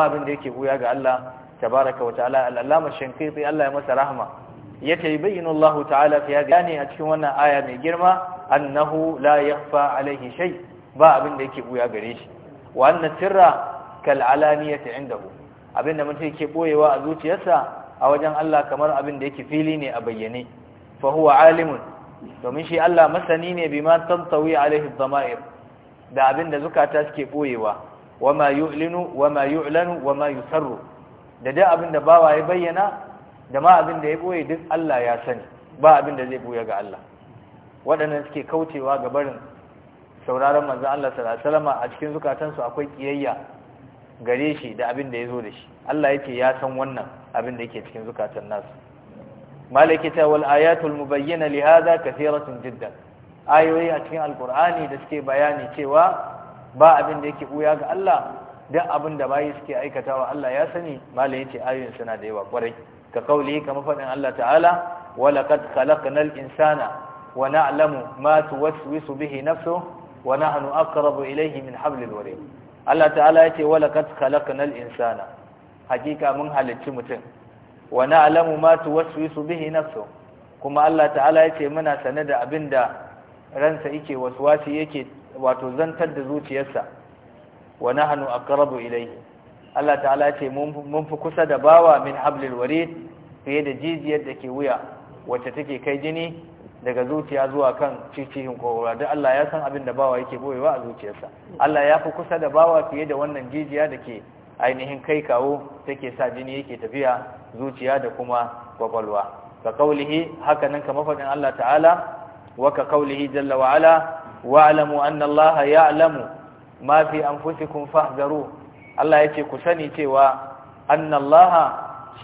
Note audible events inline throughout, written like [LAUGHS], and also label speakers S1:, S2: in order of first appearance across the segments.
S1: ba abin da yake buya ga Allah tabaraka wa ta'ala al-allama shankiti Allah ya masa rahma yace bayyana Allah ta'ala fi ne a cikin wannan aya mai girma annahu la yakhfa alaihi shay ba abin da yake buya gare shi wa anna sirra kal alaniyati indahu abin da mutum yake boyewa a zuciyarsa a wajen Allah kamar abin da yake fili ne a bayyane fa huwa alimun domin shi Allah masani ne bima tantawi Alayhi dhamair da abin da zukata suke boyewa wa ma yu'linu wa ma yu'lanu wa yusarru da da abinda da bawa ya bayyana da ma abinda ya boye duk Allah ya sani ba abin zai boye ga Allah waɗannan suke kaucewa ga barin sauraron manzo Allah sallallahu alaihi wasallam a cikin zukatansu akwai kiyayya gare shi da abinda ya zo da shi Allah yake ya san wannan abin da yake cikin zukatan
S2: nasu
S1: ta wal ayatul mubayyana li hadha kathiratun jiddan ayoyi a cikin alqur'ani da suke bayani cewa ba abin da yake buya ga Allah duk abin da bayi suke aikatawa Allah ya sani malam yace ayoyin suna da yawa kwarai ka kauli kamar faɗin Allah ta'ala walaqad khalaqnal insana wa na'lamu ma tuwaswisu bihi nafsuhu wa nahnu aqrabu ilayhi min hablil warid Allah ta'ala yace walaqad khalaqnal insana hakika mun halicci mutum wa na'lamu ma tuwaswisu bihi nafsuhu kuma Allah ta'ala yace muna sane da abinda ransa yake waswasi yake wato zantar da zuciyarsa wa a aqrabu ilayhi Allah ta'ala ce mun fi kusa da bawa min hablil warid fiye da jijiyar da ke wuya wacce take kai jini daga zuciya zuwa kan cicihin kowa da Allah ya san abin da bawa yake boyewa a zuciyarsa Allah ya fi kusa da bawa fiye da wannan jijiya da ke ainihin kai kawo take sa jini yake tafiya zuciya da kuma kwakwalwa ka kaulihi haka nan ka mafaɗin Allah ta'ala wa ka kaulihi jalla wa'ala wa'lamu anna Allah ya'lamu ma fi anfusikum fahdharu Allah yace ku sani cewa anna Allah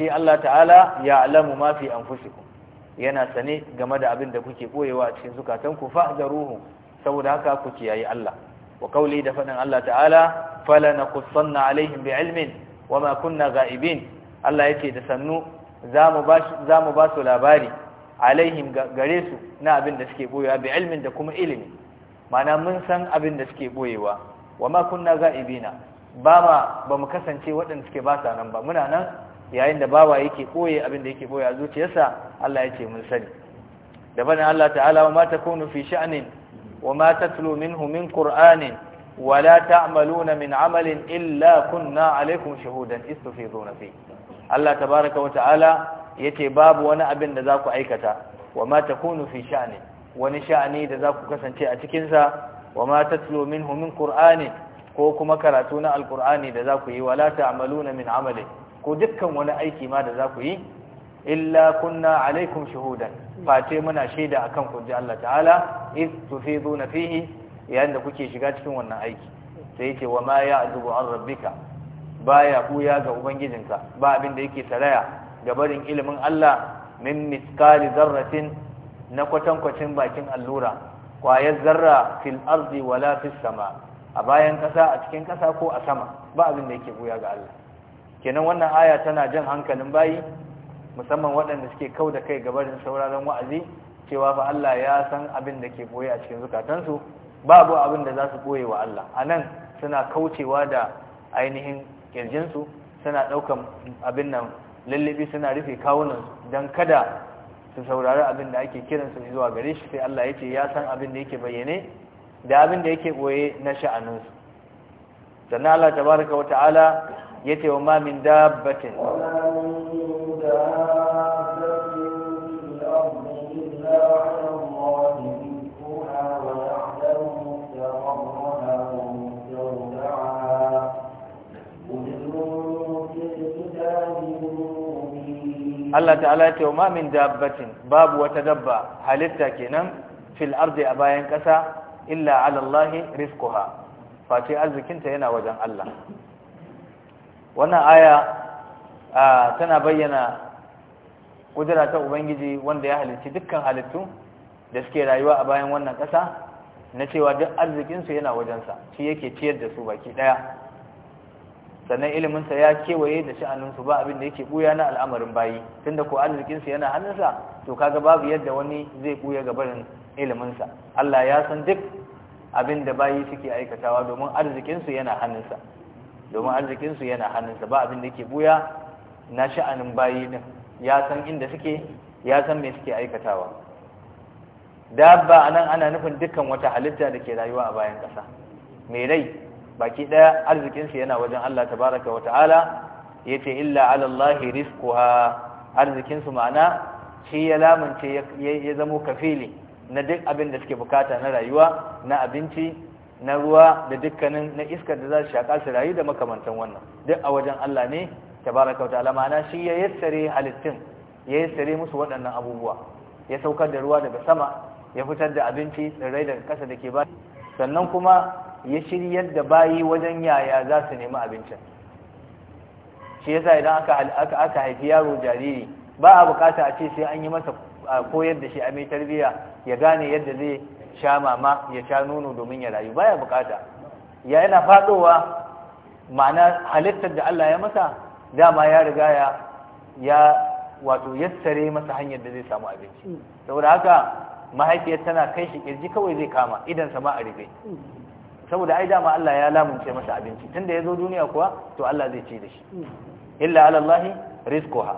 S1: shi Allah ta'ala ya'lamu ma fi anfusikum yana sane game da abin da kuke boyewa a cikin zukatanku fahdharuhu saboda haka ku kiyaye Allah wa kauli da fadin Allah ta'ala fala naqussanna alaihim bi'ilmin wama kunna ghaibin Allah yake da sannu zamu ba zamu ba su labari alaihim gare su na abin da suke boyewa bi'ilmin da kuma ilimi mana mun san abin da suke boyewa wa ma kunna ga'ibina ba ma bamu kasance waɗanda suke ba sa nan ba muna nan yayin da bawa yake koye abin da yake boye a zuciyarsa Allah ya ce mun sani da bana Allah ta'ala wa ma takunu fi sha'nin wa ma tatlu minhu min qur'anin wa la ta'maluna min 'amalin illa kunna 'alaykum shuhudan istufiduna fi Allah tabaaraka wa ta'ala yace babu wani abin da za ku aikata wa ma takunu fi sha'nin wani sha'ani da za ku kasance a cikinsa wa ma tatlu Kur'ani? ko kuma karatu na alqur'ani da za ku yi wala na min amali ko dukkan wani aiki ma da za ku yi illa kunna alaikum shahudan fate muna shaida akan ku ji Allah ta'ala iz na fihi yayin da kuke shiga cikin wannan aiki sai yake wa ma ya'zubu an rabbika baya buya ga ubangijinka ba abin da yake saraya ga barin ilimin Allah min miskali zarratin na kwatankwacin bakin allura ƙwayar zarra fil ardi wala fis sama a bayan kasa a cikin kasa ko a sama ba abin da yake buya ga Allah kenan wannan aya tana jan hankalin bayi musamman waɗanda suke kau da kai gabarin sauraron wa'azi cewa fa Allah ya san abin da ke boye a cikin zukatansu babu abin da za su boye wa Allah a nan suna kaucewa da ainihin kirjinsu suna ɗaukan abin nan lallabi suna rufe kawunansu don kada su saurari abin da ake kiransu zuwa gare shi sai Allah ya ce ya san abin da yake bayyane da abin da yake boye na sha'aninsu sannan Allah tabaraka wa ta'ala ya ce wa ma min dabbatin Allah ta'ala ce ma min dabbatin babu wata dabba halitta kenan fil ardi a bayan kasa illa ala Allah rizquha face arzikinta yana wajen Allah wannan aya tana bayyana kudura ta ubangiji wanda ya halicci dukkan halittu da suke rayuwa a bayan wannan ƙasa na cewa duk arzikinsu yana wajensa shi yake ciyar da su baki ɗaya sannan iliminsa ya kewaye da sha'aninsu ba abin da yake buya na al'amarin bayi tunda ko arzikinsu yana hannunsa to kaga babu yadda wani zai buya gabarin iliminsa Allah ya san duk abin da bayi suke aikatawa domin arzikinsu yana hannunsa domin arzikinsu yana hannunsa ba abin da yake buya na sha'anin bayi din ya san inda suke ya san me suke aikatawa dabba anan ana nufin dukkan wata halitta da ke rayuwa a bayan ƙasa mai rai baki daya arzikinsu yana wajen Allah tabaraka wa ta'ala yace illa ala rizquha arzikinsu ma'ana shi ya lamunce ya zamo kafili na duk abin da suke bukata na rayuwa na abinci na ruwa da dukkanin na iskar da za su shaka su rayu da makamantan wannan duk a wajen Allah ne tabaraka wa ta'ala ma'ana shi ya yassare halittun ya yassare musu waɗannan abubuwa ya saukar da ruwa daga sama ya fitar da abinci tsirrai daga ƙasa da ke ba sannan kuma ya shiryar da bayi wajen yaya za su nemi abincin shi yasa idan aka haifi yaro jariri ba a bukata a ce sai an yi masa koyar da shi a mai tarbiyya ya gane yadda zai sha mama ya sha nono domin ya rayu baya bukata ya yana fadowa ma'ana halittar da Allah ya masa dama ya riga ya ya wato yassare masa hanyar da zai samu abinci saboda haka mahaifiyar tana kai shi kirji kawai zai kama idan sama a rufe saboda ai dama Allah ya lamunce masa abinci tunda ya zo duniya kuwa to Allah zai ci da shi hmm. illa ala Allah rizquha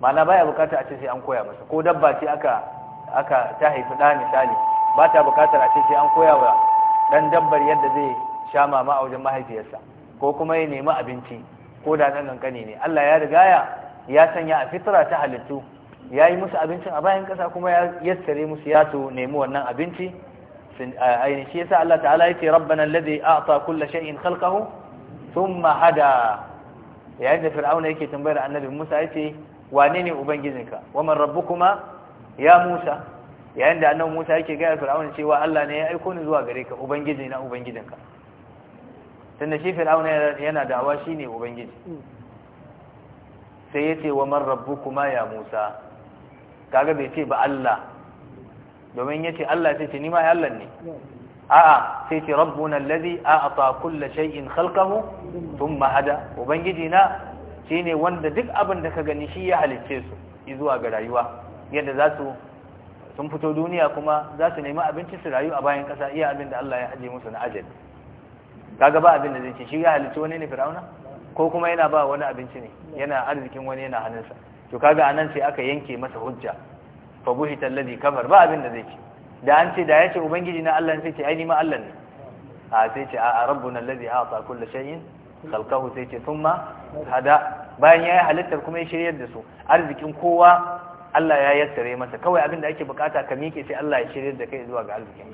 S1: mana baya bukatar a ce sai an koya masa ko dabba ce aka aka ta haifi da misali ba ta bukatar a ce sai an koya wa dan dabbar yadda zai sha mama a wajen mahaifiyarsa ko kuma ya nemi abinci ko da nan kankani ne Allah ya riga ya ya sanya a fitra ta halittu ya yi musu abincin a bayan kasa kuma ya yassare musu ya su nemi wannan abinci ainihin shi yasa Allah ta'ala yace rabbana alladhi a'ta kull shay'in khalqahu thumma hada yayin da fir'auna yake tambayar annabi Musa yace wane ne ubangijinka waman rabbukuma ya Musa yayin da annabi Musa yake ga fir'auna cewa Allah ne ya aiko ni zuwa gare ka ubangiji na ubangijinka tunda shi fir'auna yana da'awa shine ubangiji sai yace waman rabbukuma ya Musa kaga bai ce ba Allah domin ya ce Allah sai ce ni ma Allah ne a'a sai ce rabbuna allazi a'ata kull shay'in khalqahu thumma hada ubangiji na shine wanda duk abin da ka gani shi ya halicce su zuwa ga rayuwa yadda za su sun fito duniya kuma za su nemi abinci su rayu a bayan kasa iya abin da Allah ya haje musu na ajal kaga ba abin da zai ce shi ya halicce wani ne fir'auna ko kuma yana ba wani abinci ne yana arzikin wani yana hannunsa to kaga anan sai aka yanke masa hujja fa buhita alladhi kafar ba abin da zai ce da an ce da ya ce ubangiji na Allah sai ce ai ni ma Allah ne a sai ce a rabbuna allazi a'ta kull shay'in khalqahu sai ce thumma hada bayan yayi halittar kuma ya shiryar da su arzikin kowa Allah ya yassare masa kawai abin da ake bukata ka miƙe sai Allah ya shiryar da kai zuwa ga arzikin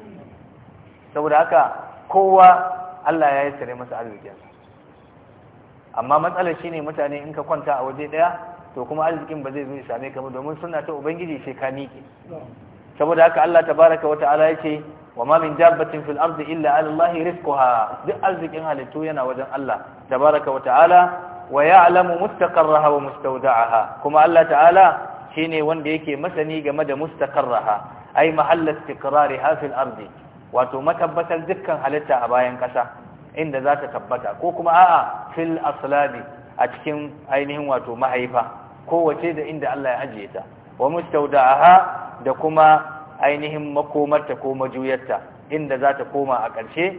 S1: saboda haka kowa Allah ya yassare masa arzikin amma matsalar shine mutane in ka kwanta a waje daya to kuma arzikin ba zai zo same ka ba domin suna ta ubangiji sai ka miƙe saboda haka Allah tabaraka wata'ala yace wa ma min jabbatin fil ardi illa ala Allah rizquha duk arzikin halittu yana wajen Allah tabaraka wata'ala wa ya'lamu mustaqarraha wa mustawda'aha kuma Allah ta'ala shine wanda yake masani game da mustaqarraha ai mahall istiqrariha fil ardi wato matabbatar dukkan halitta a bayan kasa inda za ta tabbata ko kuma a'a fil aslabi a cikin ainihin wato mahaifa kowace da inda Allah ya ajiye ta wa mustawda'aha da kuma ainihin makomarta ko majuyarta inda za ta koma a ƙarshe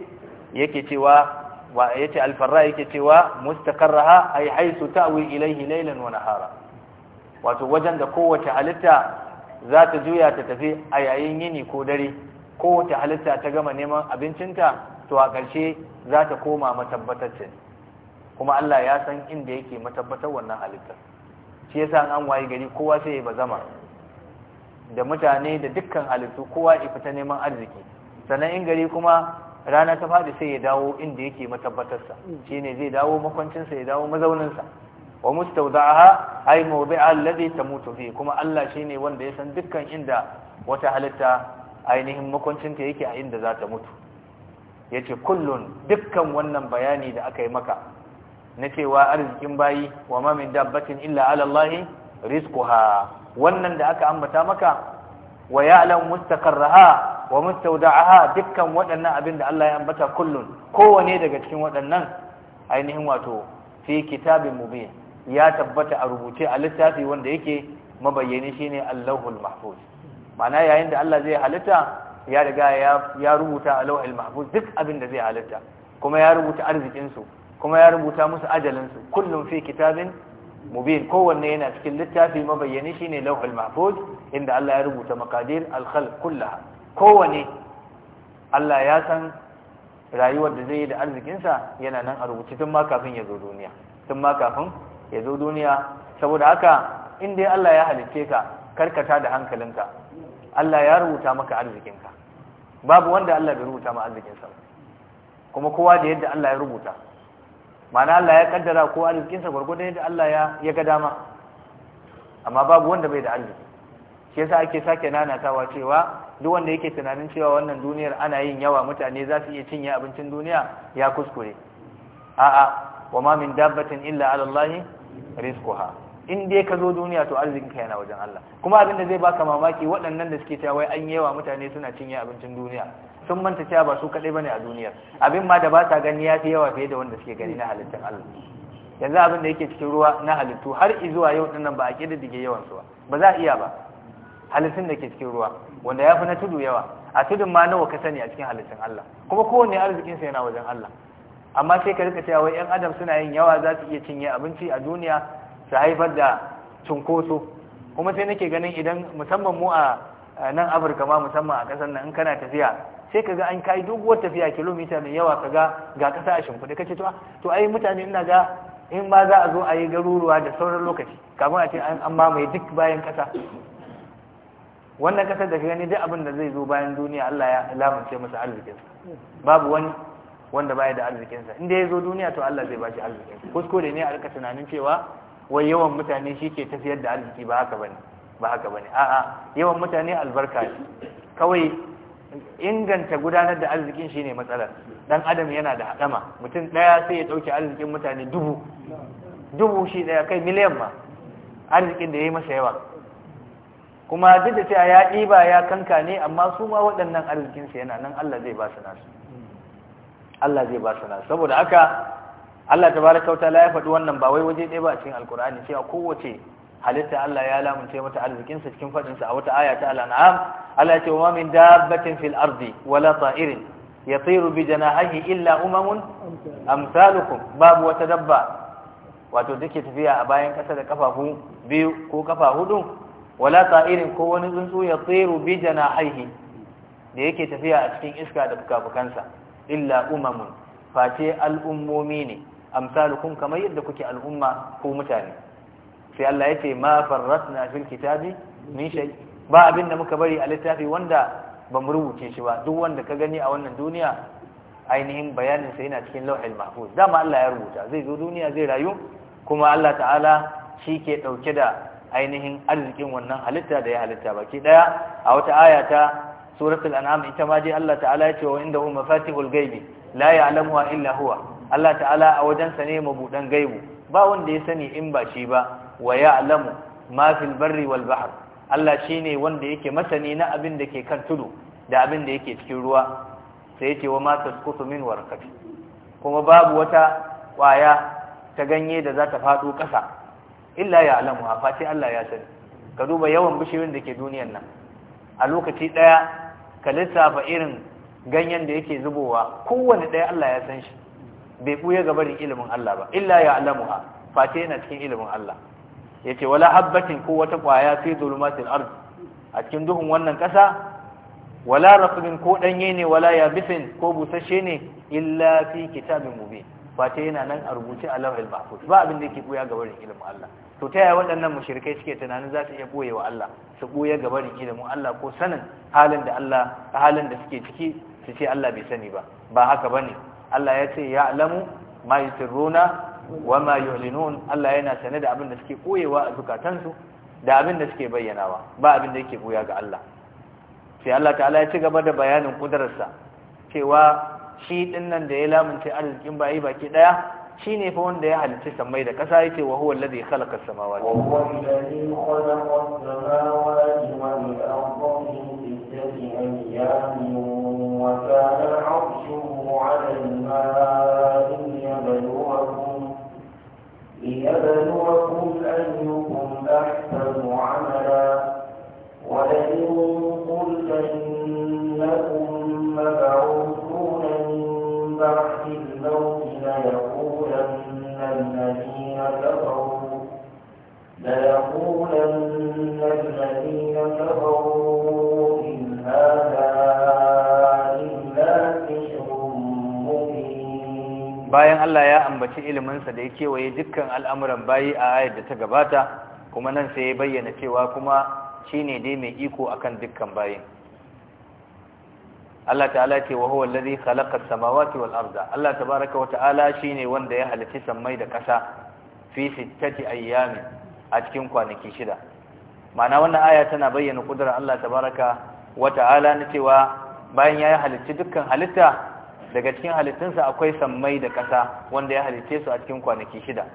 S1: yake cewa wa yace alfarra yake cewa mustaqarraha ay haythu ta'wi ilayhi laylan wa nahara wato wajen da kowace halitta za ta juya ta tafi a yayin yini ko dare kowace halitta ta gama neman abincinta to a ƙarshe za ta koma matabbatacce kuma Allah ya san inda yake matabbatar wannan halittar shi yasa an waye gari kowa sai ya bazama da mutane da dukkan halittu kowa ya fita neman arziki sannan in gari kuma rana ta faɗi sai ya dawo inda yake matabbatarsa shine zai dawo makwancinsa ya dawo mazauninsa wa mustawda'aha ay mawdi'a alladhi tamutu fi kuma Allah shine wanda ya san dukkan inda wata halitta ainihin makwancinta yake a inda za ta mutu yace kullun dukkan wannan bayani da aka yi maka na cewa arzikin bayi wa ma min dabbatin illa ala Allah rizquha wannan da aka ambata maka wa ya'lam mustaqarraha wa mustawda'aha dukkan waɗannan abin da Allah ya ambata kullun kowane daga cikin waɗannan ainihin wato fi kitabin mubin ya tabbata a rubuce a littafi wanda yake mabayyane shine Allahul Mahfuz ma'ana yayin da Allah zai halitta ya riga ya rubuta a Lauhul Mahfuz duk abin da zai halitta kuma ya rubuta arzikin su kuma ya rubuta musu ajalinsu kullum fi kitabin mubin kowanne yana cikin littafi mabayyani ne lauhul mahfuz inda Allah ya rubuta makadir al kullaha kowanne Allah ya san rayuwar da zai yi da arzikinsa yana nan a rubuce tun ma kafin ya zo duniya tun ma kafin ya zo duniya saboda haka in dai Allah ya halicce ka karkata da hankalinka Allah ya rubuta maka arzikinka babu wanda Allah bai rubuta ma arzikinsa kuma kowa da yadda Allah ya rubuta mana Allah ya kaddara ko arzikinsa gwargwado yadda Allah ya ya ga dama amma babu wanda bai da arziki shi yasa ake sake nanatawa cewa duk wanda yake tunanin cewa wannan duniyar ana yin yawa mutane za su iya cinye abincin duniya ya kuskure a'a wa ma min dabbatin illa ala Allah rizquha in dai ka zo duniya to ka yana wajen Allah kuma abin da zai baka mamaki waɗannan da suke cewa wai an yawa mutane suna cinye abincin duniya sun manta cewa ba su kadai bane a duniya abin ma da ba sa gani ya fi yawa fiye da wanda suke gani na halittun Allah yanzu abin da yake cikin ruwa na halittu har izuwa yau dinnan ba a dige yawan su ba za a iya ba halittun da ke cikin ruwa wanda ya fi na tudu yawa a tudun ma nawa ka sani a cikin halittun Allah kuma kowanne arzikin sa yana wajen Allah amma sai ka rika cewa wai yan adam suna yin yawa za su iya cinye abinci a duniya su haifar da cunkoso kuma sai nake ganin idan musamman mu a nan Afirka ma musamman a kasar nan in kana tafiya sai kaga an kai doguwar tafiya kilomita mai yawa kaga ga kasa a shimfiɗe kace to to ai mutane ina ga in ba za a zo a yi garuruwa da sauran lokaci kamar a ce an mamaye duk bayan kasa wannan kasa da ka gani duk abin da zai zo bayan duniya Allah ya lamunce masa arzikinsa babu wani wanda baya da arzikinsa inda ya zo duniya to Allah zai bashi arzikinsa da ne a rika tunanin cewa wai yawan mutane shi ke tafiyar da arziki ba haka bane ba haka bane a'a yawan mutane albarka ne kawai inganta gudanar da arzikin shine matsalar dan adam yana da hadama mutum daya sai ya dauki arzikin mutane dubu dubu shi daya kai miliyan ma arzikin da ya yayi masa yawa kuma duk da cewa ya ɗiba ya kanka ne amma su ma waɗannan arzikin su yana nan Allah zai ba su nasu Allah zai ba su nasu saboda haka Allah tabaraka wa ta'ala ya faɗi wannan ba wai waje ɗaya ba a cikin alkur'ani cewa kowace halitta Allah ya lamunce mata arzikin sa cikin fadin sa a wata aya ta al Allah ya ce wa min dabbatin fil arzi wala ta'irin tsiru bi janahihi illa umamun amsalukum babu wata dabba wato take tafiya a bayan kasa da ƙafa biyu ko ƙafa hudu wala ta'irin ko wani tsuntsu tsiru bi janahihi da yake tafiya a cikin iska da fukafukansa illa umamun face al'ummomi ne amsalukum kamar yadda kuke al'umma ko mutane sai Allah ya ce ma farratna fil kitabi min shay ba abinda muka bari a littafi wanda ba mu rubuce shi ba duk wanda ka gani a wannan duniya ainihin bayanin sa yana cikin lauhil mahfuz dama Allah ya rubuta zai zo duniya zai rayu kuma Allah ta'ala shi ke dauke da ainihin arzikin wannan halitta da ya halitta baki daya a wata aya ta suratul an'am ita ma dai Allah ta'ala ya ce wa indahu mafatihul ghaibi la ya'lamuha illa huwa Allah ta'ala a wajen sa ne mabudan gaibu ba wanda ya sani in ba shi ba wa ya'lamu ma fil barri wal bahr Allah shine wanda yake masani na abin da ke kan tudu da abin da yake cikin ruwa sai yake wa ma tasqutu min warqati kuma babu wata kwaya ta ganye da za ta fado ƙasa illa ya'lamu a fati Allah ya sani ka duba yawan bishiyoyin da ke duniyar nan a lokaci daya ka lissafa irin ganyen da yake zubowa kowanne daya Allah ya san shi bai buya gabarin ilimin Allah ba illa ya'lamuha fati yana cikin ilimin Allah yace wala habbatin ko wata kwaya fi zulumatil ardi a cikin duhun wannan kasa wala rafin ko danye ne wala yabisin ko busasshe ne illa fi kitabin mubin ta yana nan a rubuce a lawhil mahfuz ba abin da yake buya ga barin ilimin Allah to ta yaya waɗannan mushrikai suke tunanin za su iya boye wa Allah su boye ga barin ilimin Allah ko sanin halin da Allah halin da suke ciki su ce Allah bai sani ba ba haka bane Allah ya ce ya'lamu ma yusirruna wama yu'linun Allah yana sane da abin da suke koyewa a zukatansu da abin da suke bayyanawa ba abin da yake buya ga Allah sai Allah ta'ala ya ci gaba da bayanin kudararsa cewa shi dinnan da ya lamunce arzikin bayi baki daya shi ne fa wanda ya halicci samai da kasa yake wa huwa alladhi khalaqa as-samawati wa huwa
S3: alladhi khalaqa as-samawati wal arda fi sittati ayyamin wa kana 'arshuhu 'ala al-ma' Gracias.
S1: Allah ya ambaci iliminsa da ya kewaye dukkan al'amuran bayi a ayar da ta gabata kuma nan sai ya bayyana cewa kuma shi ne dai mai iko akan dukkan bayin Allah ta'ala ce wa huwa halakar khalaqa samawati wal Allah tabaaraka wa shi ne wanda ya halitta sammai da ƙasa fi sittati a cikin kwanaki shida ma'ana wannan aya tana bayyana kudrar Allah tabaaraka wa ta'ala na cewa bayan ya halitta dukkan halitta daga cikin halittunsa akwai sammai da ƙasa wanda ya halitte su a cikin kwanaki shida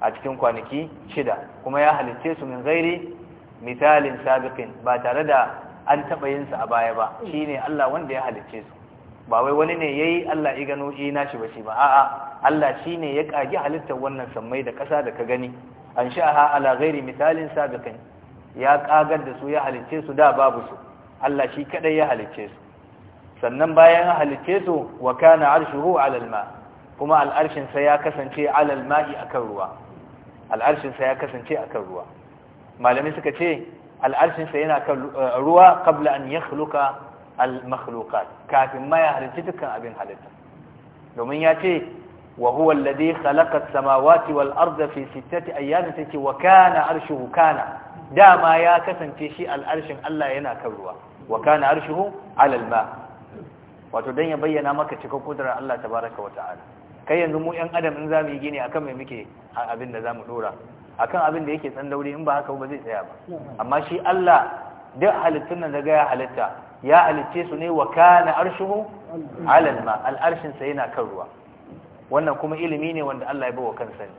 S1: a cikin kwanaki shida kuma ya halitte su min gairi misalin sabiqin ba tare da an taɓa yin su a baya ba shine Allah wanda ya halitte su ba wai wani ne yayi Allah ya gano shi eh nashi ba shi ba a'a Allah shine ya kage halittar wannan sammai da ƙasa da ka gani an sha'a ala gairi misalin sabiqin ya kagar da su ya halitte su da babu su Allah shi kadai ya halicce su sannan bayan halice su wa kana arshuhu ala alma kuma al'arshin sa ya kasance ala alma'i akan ruwa al'arshin sa ya kasance akan ruwa malami suka ce al'arshin sa yana kan eh, ruwa qabla an yakhluqa al-makhluqat kafin ma ya halice dukkan abin halitta domin ya ce wa huwa alladhi khalaqa as-samawati wal arda fi sittati ayyamin take wa kana arshuhu kana dama ya kasance shi al'arshin Allah yana kan ruwa wa kana arshuhu ala alma wato don ya bayyana maka cika kudurar Allah ta tabaraka wata'ala kai yanzu mu yan adam in za mu yi gini akan mai muke abin da za mu dora akan abin da yake tsandauri in ba haka ba zai tsaya ba amma shi Allah duk halittun nan daga ya halitta ya halicce su ne wa kana arshuhu alal ma al'arshin sa yana kan ruwa wannan kuma ilimi ne wanda Allah ya bawa kansa ne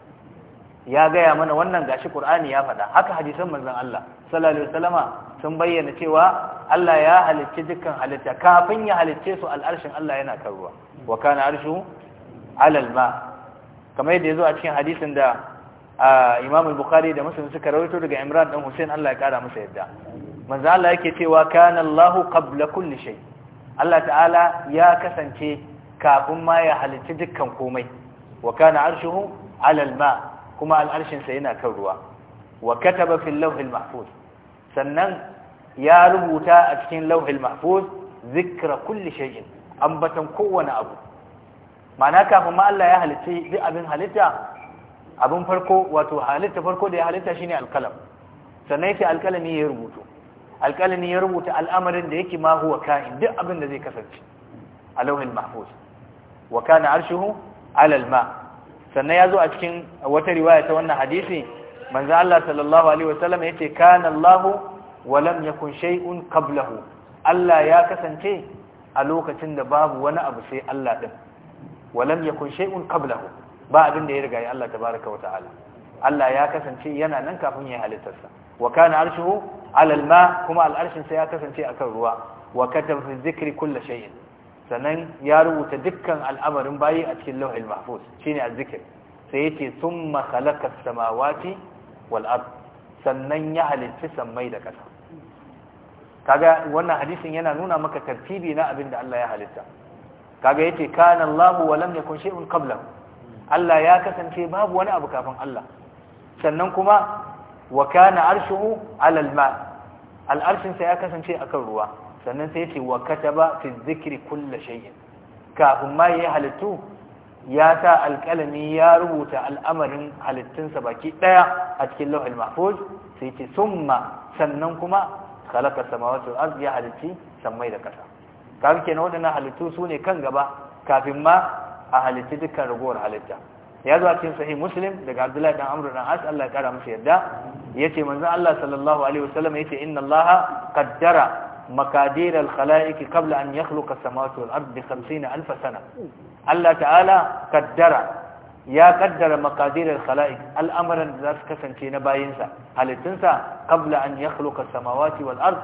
S1: ya gaya mana wannan gashi Qur'ani ya faɗa haka hadisan manzon Allah sallallahu alaihi wasallama sun bayyana cewa Allah ya halicci dukkan halitta kafin ya halicce su al'arshin Allah yana kan ruwa wa kana arshu alal ma kamar yadda yazo a cikin hadisin da Imam al-Bukhari da Muslim suka rawaito daga Imran dan Hussein Allah ya kara masa yadda manzo Allah yake cewa kana Allah qabla kulli shay Allah ta'ala ya kasance kafin ma ya halicci dukkan komai wa kana arshuhu alal ma kuma al'arshin sa yana kan ruwa wa kataba fil lawhil mahfuz sannan ya rubuta a cikin lauhil mahfuz zikra kulli shay'in ambatan kowane abu ma'ana kafin ma Allah ya halitta duk abin halitta abin farko wato halitta farko da ya halitta shine alkalam sannan sai alkalami ya rubuto alkalami ya rubuta al'amarin da yake ma huwa ka'in duk abin da zai kasance a lauhil mahfuz wa kana arshuhu ala al-ma sannan yazo a cikin wata riwaya ta wannan hadisi manzo Allah sallallahu alaihi wasallam yace kana Allah wa lam yakun shay'un qablahu Allah ya kasance a lokacin da babu wani abu sai Allah din wa lam yakun shay'un qablahu ba abin da ya riga ya Allah tabaaraka wa ta'ala Allah ya kasance yana nan kafin ya halittarsa wa kana arshuhu ala al-ma kuma al-arshin sa ya kasance akan ruwa wa kataba fi dhikri kulli shay'in sannan ya rubuta dukkan al'amarin bayi a cikin lauhil mahfuz shine azzikir sai yace summa khalaqa as-samawati wal sannan ya halitta sammai da ƙasa kaga wannan hadisin yana nuna maka tartibi na abin da Allah ya halitta kaga yace kana Allah wa lam yakun shay'un qablahu Allah ya kasance babu wani abu kafin Allah sannan kuma wa kana arshuhu ala al-ma al-arshin sa ya kasance akan ruwa sannan sai yace wa kataba fi dhikri kulli shay'in kafin ma ya halittu ya sa alƙalami ya rubuta al'amarin halittunsa baki ɗaya a cikin lauhin mahfuz sai ce summa sannan kuma khalaqa samawati wal ya halitti sammai da ƙasa kaga kenan waɗannan halittu su ne kan gaba kafin ma a halitti dukkan ragowar halitta ya zo cikin sahih muslim daga abdullahi dan amru dan as Allah ya kara masa yadda yace manzo Allah sallallahu alaihi wasallam yace inna Allah qaddara makadir al-khalaiq qabla an yakhluqa as-samawati 50000 sana Allah ta'ala kaddara ya kaddara makadir al-khalaiq al'amaran da zasu kasance na bayinsa halittunsa kabla an yakhluqa as-samawati wal ard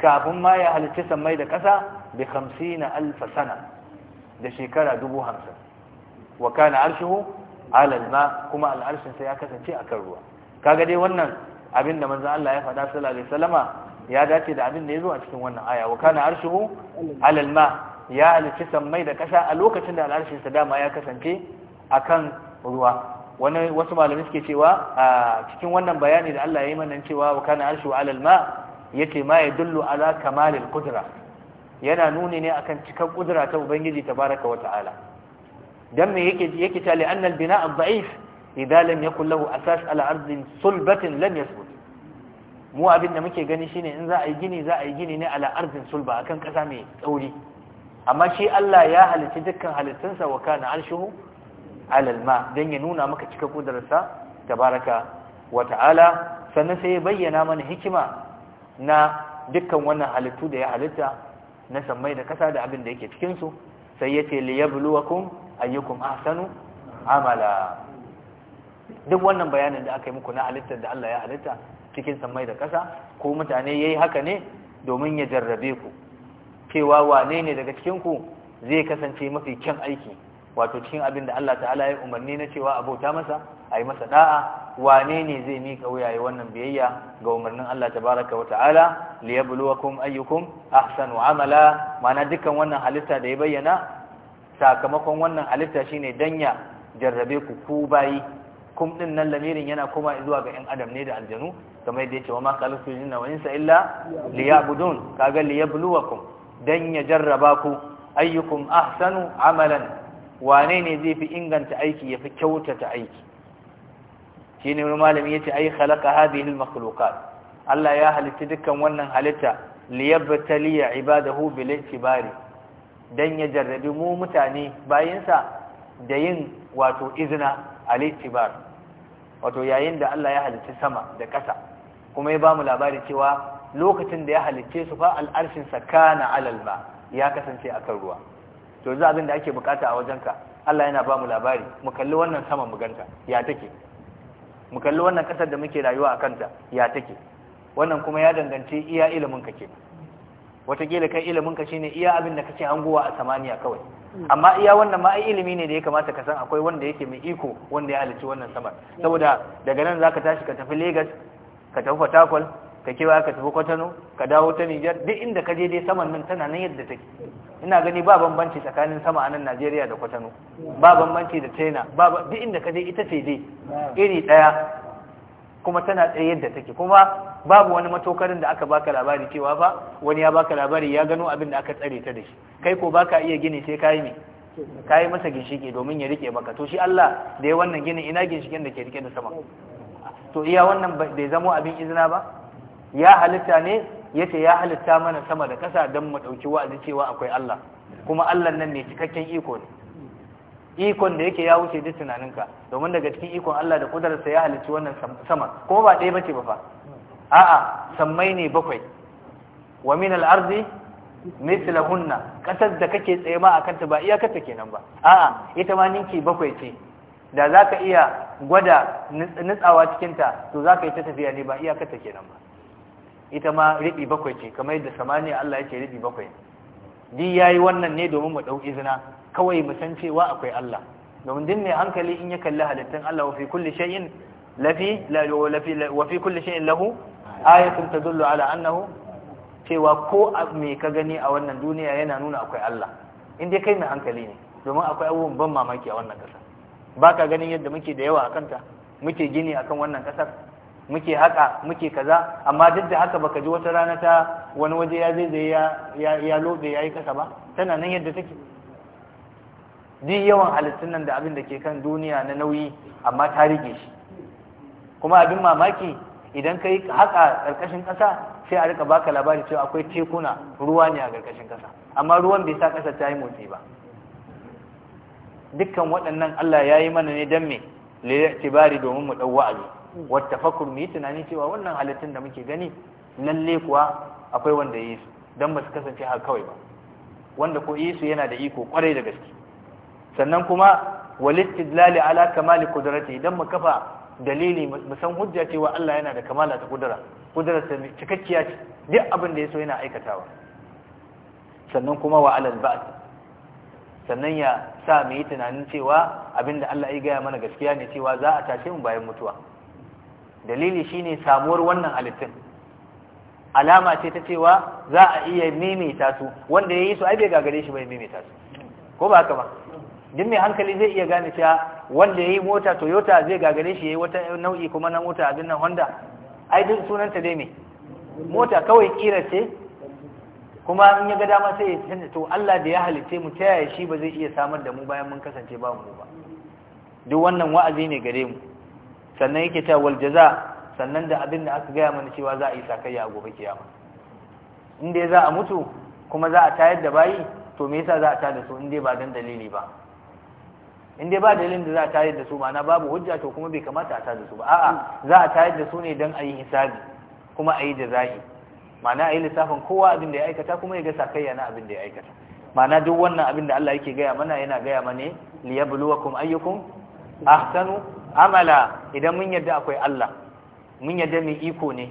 S1: kafin ma ya halicci samai da kasa bi 50000 sana da shekara 50 wa kana arshuhu ala al-ma kuma al-arshin ya kasance kan ruwa kaga dai wannan abinda manzo Allah ya faɗa sallallahu alaihi wasallama ya dace da abin da ya zo a cikin wannan aya wa kana arshuhu alal ma ya alci sammai da kasa a lokacin da al'arshin sa dama ya kasance akan ruwa wani wasu malamai suke cewa a cikin wannan bayani da Allah ya yi mana cewa wa kana arshuhu alal ma yace ma yadullu ala kamalil qudra yana nuni ne akan cikar kudura ta ubangiji tabaraka wa ta'ala dan me yake yake ta li anna al bina' ad da'if idza lam yakul lahu asas ala ardin sulbatin lam yasbut mu abin da muke gani shine in za a yi gini za a yi gini ne ala arzin sulba akan kasa mai tsauri amma shi Allah ya halitta dukkan halittunsa wa kana arshuhu ala alma dan ya nuna maka cika kudarsa tabaraka wa ta'ala sannan sai ya bayyana mana hikima na dukkan wannan halittu da ya halitta na samai da kasa da abin da yake cikin su sai yace liyabluwakum ayyukum ahsanu amala duk wannan bayanin da aka yi muku na halitta da Allah ya halitta cikin samai da ƙasa ko mutane yayi haka ne domin ya jarrabe ku cewa wane ne daga cikin ku zai kasance mafi kyan aiki wato cikin abin da Allah ta'ala ya umarni na cewa abota masa a yi masa da'a wane ne zai mika wayaye wannan biyayya ga umarnin Allah tabaraka wa ta'ala ayyukun ayyukum ahsanu amala mana dukkan wannan halitta da ya bayyana sakamakon wannan halitta shine danya jarrabe ku ku bayi kum din nan lamirin yana koma zuwa ga yan adam ne da aljanu kamar yadda yake wa ma khalaqtu jinna wa insa illa liya'budun kaga liyabluwakum dan ya jarraba ku ayyukum ahsanu amalan wane ne zai fi inganta aiki ya fi kyautata aiki shine wani malami yace ai khalaqa hadhihi al-makhluqat Allah ya halitta dukkan wannan halitta liyabtaliya ibadahu bil itibari dan ya jarrabi mu mutane bayinsa da yin wato izina alif itibar wato yayin da Allah ya halicci sama da ƙasa kuma ya ba mu labari cewa lokacin da ya halicce su fa al'arshin kana alal ba ya kasance akan ruwa to yanzu abin da ake bukata a wajenka Allah yana ba mu labari mu kalli wannan sama mu ganta ya take mu kalli wannan ƙasar da muke rayuwa a kanta ya take wannan kuma ya danganci iya ilimin ka kenan watakila kai ilimin ka shine iya abin da kace anguwa a samaniya kawai amma iya wannan ma ai ilimi ne da ya kamata ka san akwai wanda yake mai iko wanda ya halicci wannan saman. saboda daga nan zaka tashi ka tafi Lagos ka tafi Fatakwal ka kewa ka tafi Kwatano ka dawo ta Niger duk inda ka je dai saman nan tana nan yadda take ina gani ba bambanci tsakanin sama a nan Najeriya da Kwatano ba bambanci da China ba duk inda ka je ita ce dai iri daya kuma tana tsaye yadda take kuma babu wani matokarin da aka baka labari cewa ba wani ya baka labari ya gano abin da aka tsare ta da shi kai ko baka iya gini sai kayi ne kayi masa ginshiki domin ya rike maka to shi Allah da ya wannan gini ina ginshikin da ke rike da sama to iya wannan bai zama abin izina ba ya halitta ne yace ya halitta mana sama da kasa don mu dauki wa'azi cewa akwai Allah kuma Allah nan ne cikakken iko ne ikon da yake ya wuce duk tunaninka domin daga cikin ikon Allah da kudararsa ya halicci wannan sama ko ba ɗaya bace ba fa a'a sammai ne bakwai wa min al-ardi mithluhunna kasar da kake tsaye ma akan ta ba iyakar ta kenan ba a'a ita ma ninki bakwai ce da zaka iya gwada nutsawa cikin ta to zaka yi ta tafiya ne ba iyakar ta kenan ba ita ma ribi bakwai ce kamar yadda samaniya Allah yake ribi bakwai din yayi wannan ne domin mu dau izina kawai mu san cewa akwai Allah domin din mai hankali in ya kalli halittun Allah wa fi kulli shay'in lafi wa fi kulli shay'in lahu ayatun tadullu ala annahu cewa ko me ka gani a wannan duniya yana nuna akwai Allah in dai kai mai hankali ne domin akwai abubuwan ban mamaki a wannan kasa ka ganin yadda muke da yawa a kanta muke gini akan wannan kasar muke haka muke kaza amma duk da haka baka ji wata rana ta wani waje ya zai ya ya lobe yi kasa ba tana nan yadda take duk yawan halittun nan da abin da ke kan duniya na nauyi amma ta rike shi kuma abin mamaki idan ka yi haka ƙarƙashin ƙasa sai a rika baka labari cewa akwai tekuna ruwa ne a ƙarƙashin ƙasa amma ruwan bai sa ƙasa ta yi motsi ba dukkan waɗannan Allah ya yi mana ne don me liyatibari domin mu ɗau wa'azi wata fakur mu yi tunani cewa wannan halittun da muke gani lalle kuwa akwai wanda ya yi su don ba su kasance haka kawai ba wanda ko yi su yana da iko kwarai da gaske sannan kuma walittidlali ala kamali qudrati idan mu kafa dalili mu san hujja cewa Allah yana da kamala ta kudura kudura ta cikakkiya ce duk abin da yaso yana aikatawa sannan kuma wa alal ba'd sannan ya sa mu yi tunanin cewa abinda Allah ya gaya mana gaskiya ne cewa za a tashe mu bayan mutuwa dalili shine samuwar wannan halittun alama ce ta cewa za a iya maimaita su wanda ya yi su ai bai gagare shi bai maimaita su ko ba haka ba duk mai hankali zai iya gane cewa wanda ya yi mota Toyota zai gagare shi ya yi wata nau'i kuma na mota abin nan Honda ai duk sunanta dai me mota kawai kira ce kuma in ya ga dama sai ya canza to Allah da ya halitta mu ta yaya shi ba zai iya samar da mu bayan mun kasance ba mu ba duk wannan wa'azi ne gare mu sannan yake ta wal jaza sannan da abin da aka gaya mana cewa za a yi sakayya a gobe kiyama in dai za a mutu kuma za a tayar da bayi to me yasa za a tada su in dai ba dan dalili ba in dai ba dalilin da za a tayar da su ma'ana babu hujja to kuma bai kamata a tayar da su ba a'a za a tayar da su ne don a yi hisabi kuma a yi zahi ma'ana a yi lissafin kowa abin da ya aikata kuma ya ga sakayya na abin da ya aikata ma'ana duk wannan abin da Allah yake gaya mana yana gaya mana yabluwakum ayyukum ahsanu amala idan mun yadda akwai Allah mun yadda mai iko ne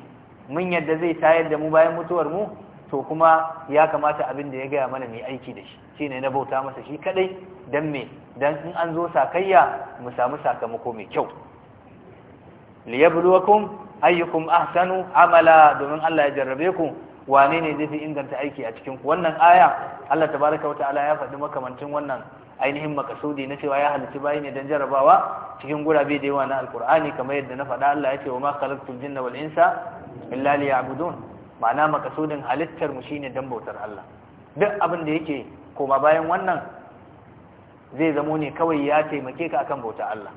S1: mun yadda zai tayar da mu bayan mutuwar mu to kuma ya kamata abin da ya gaya mana mai aiki da shi ne na bauta masa shi kadai dan me dan in an zo sakayya mu samu sakamako mai kyau liyabluwakum ayyukum ahsanu amala domin Allah ya jarrabe ku wane ne zai fi inganta aiki a cikin wannan aya Allah tabaraka wata ala ya faɗi makamancin wannan ainihin makasudi na cewa ya halitta bayi ne don jarrabawa cikin gurabe da yawa na alkur'ani kamar yadda na faɗa Allah ya ce wa ma khalaqtul jinna wal insa illa liya'budun ma'ana makasudin halittar mu shine dan bautar Allah duk abin da yake koma bayan wannan zai zamo ne kawai ya taimake ka akan bauta Allah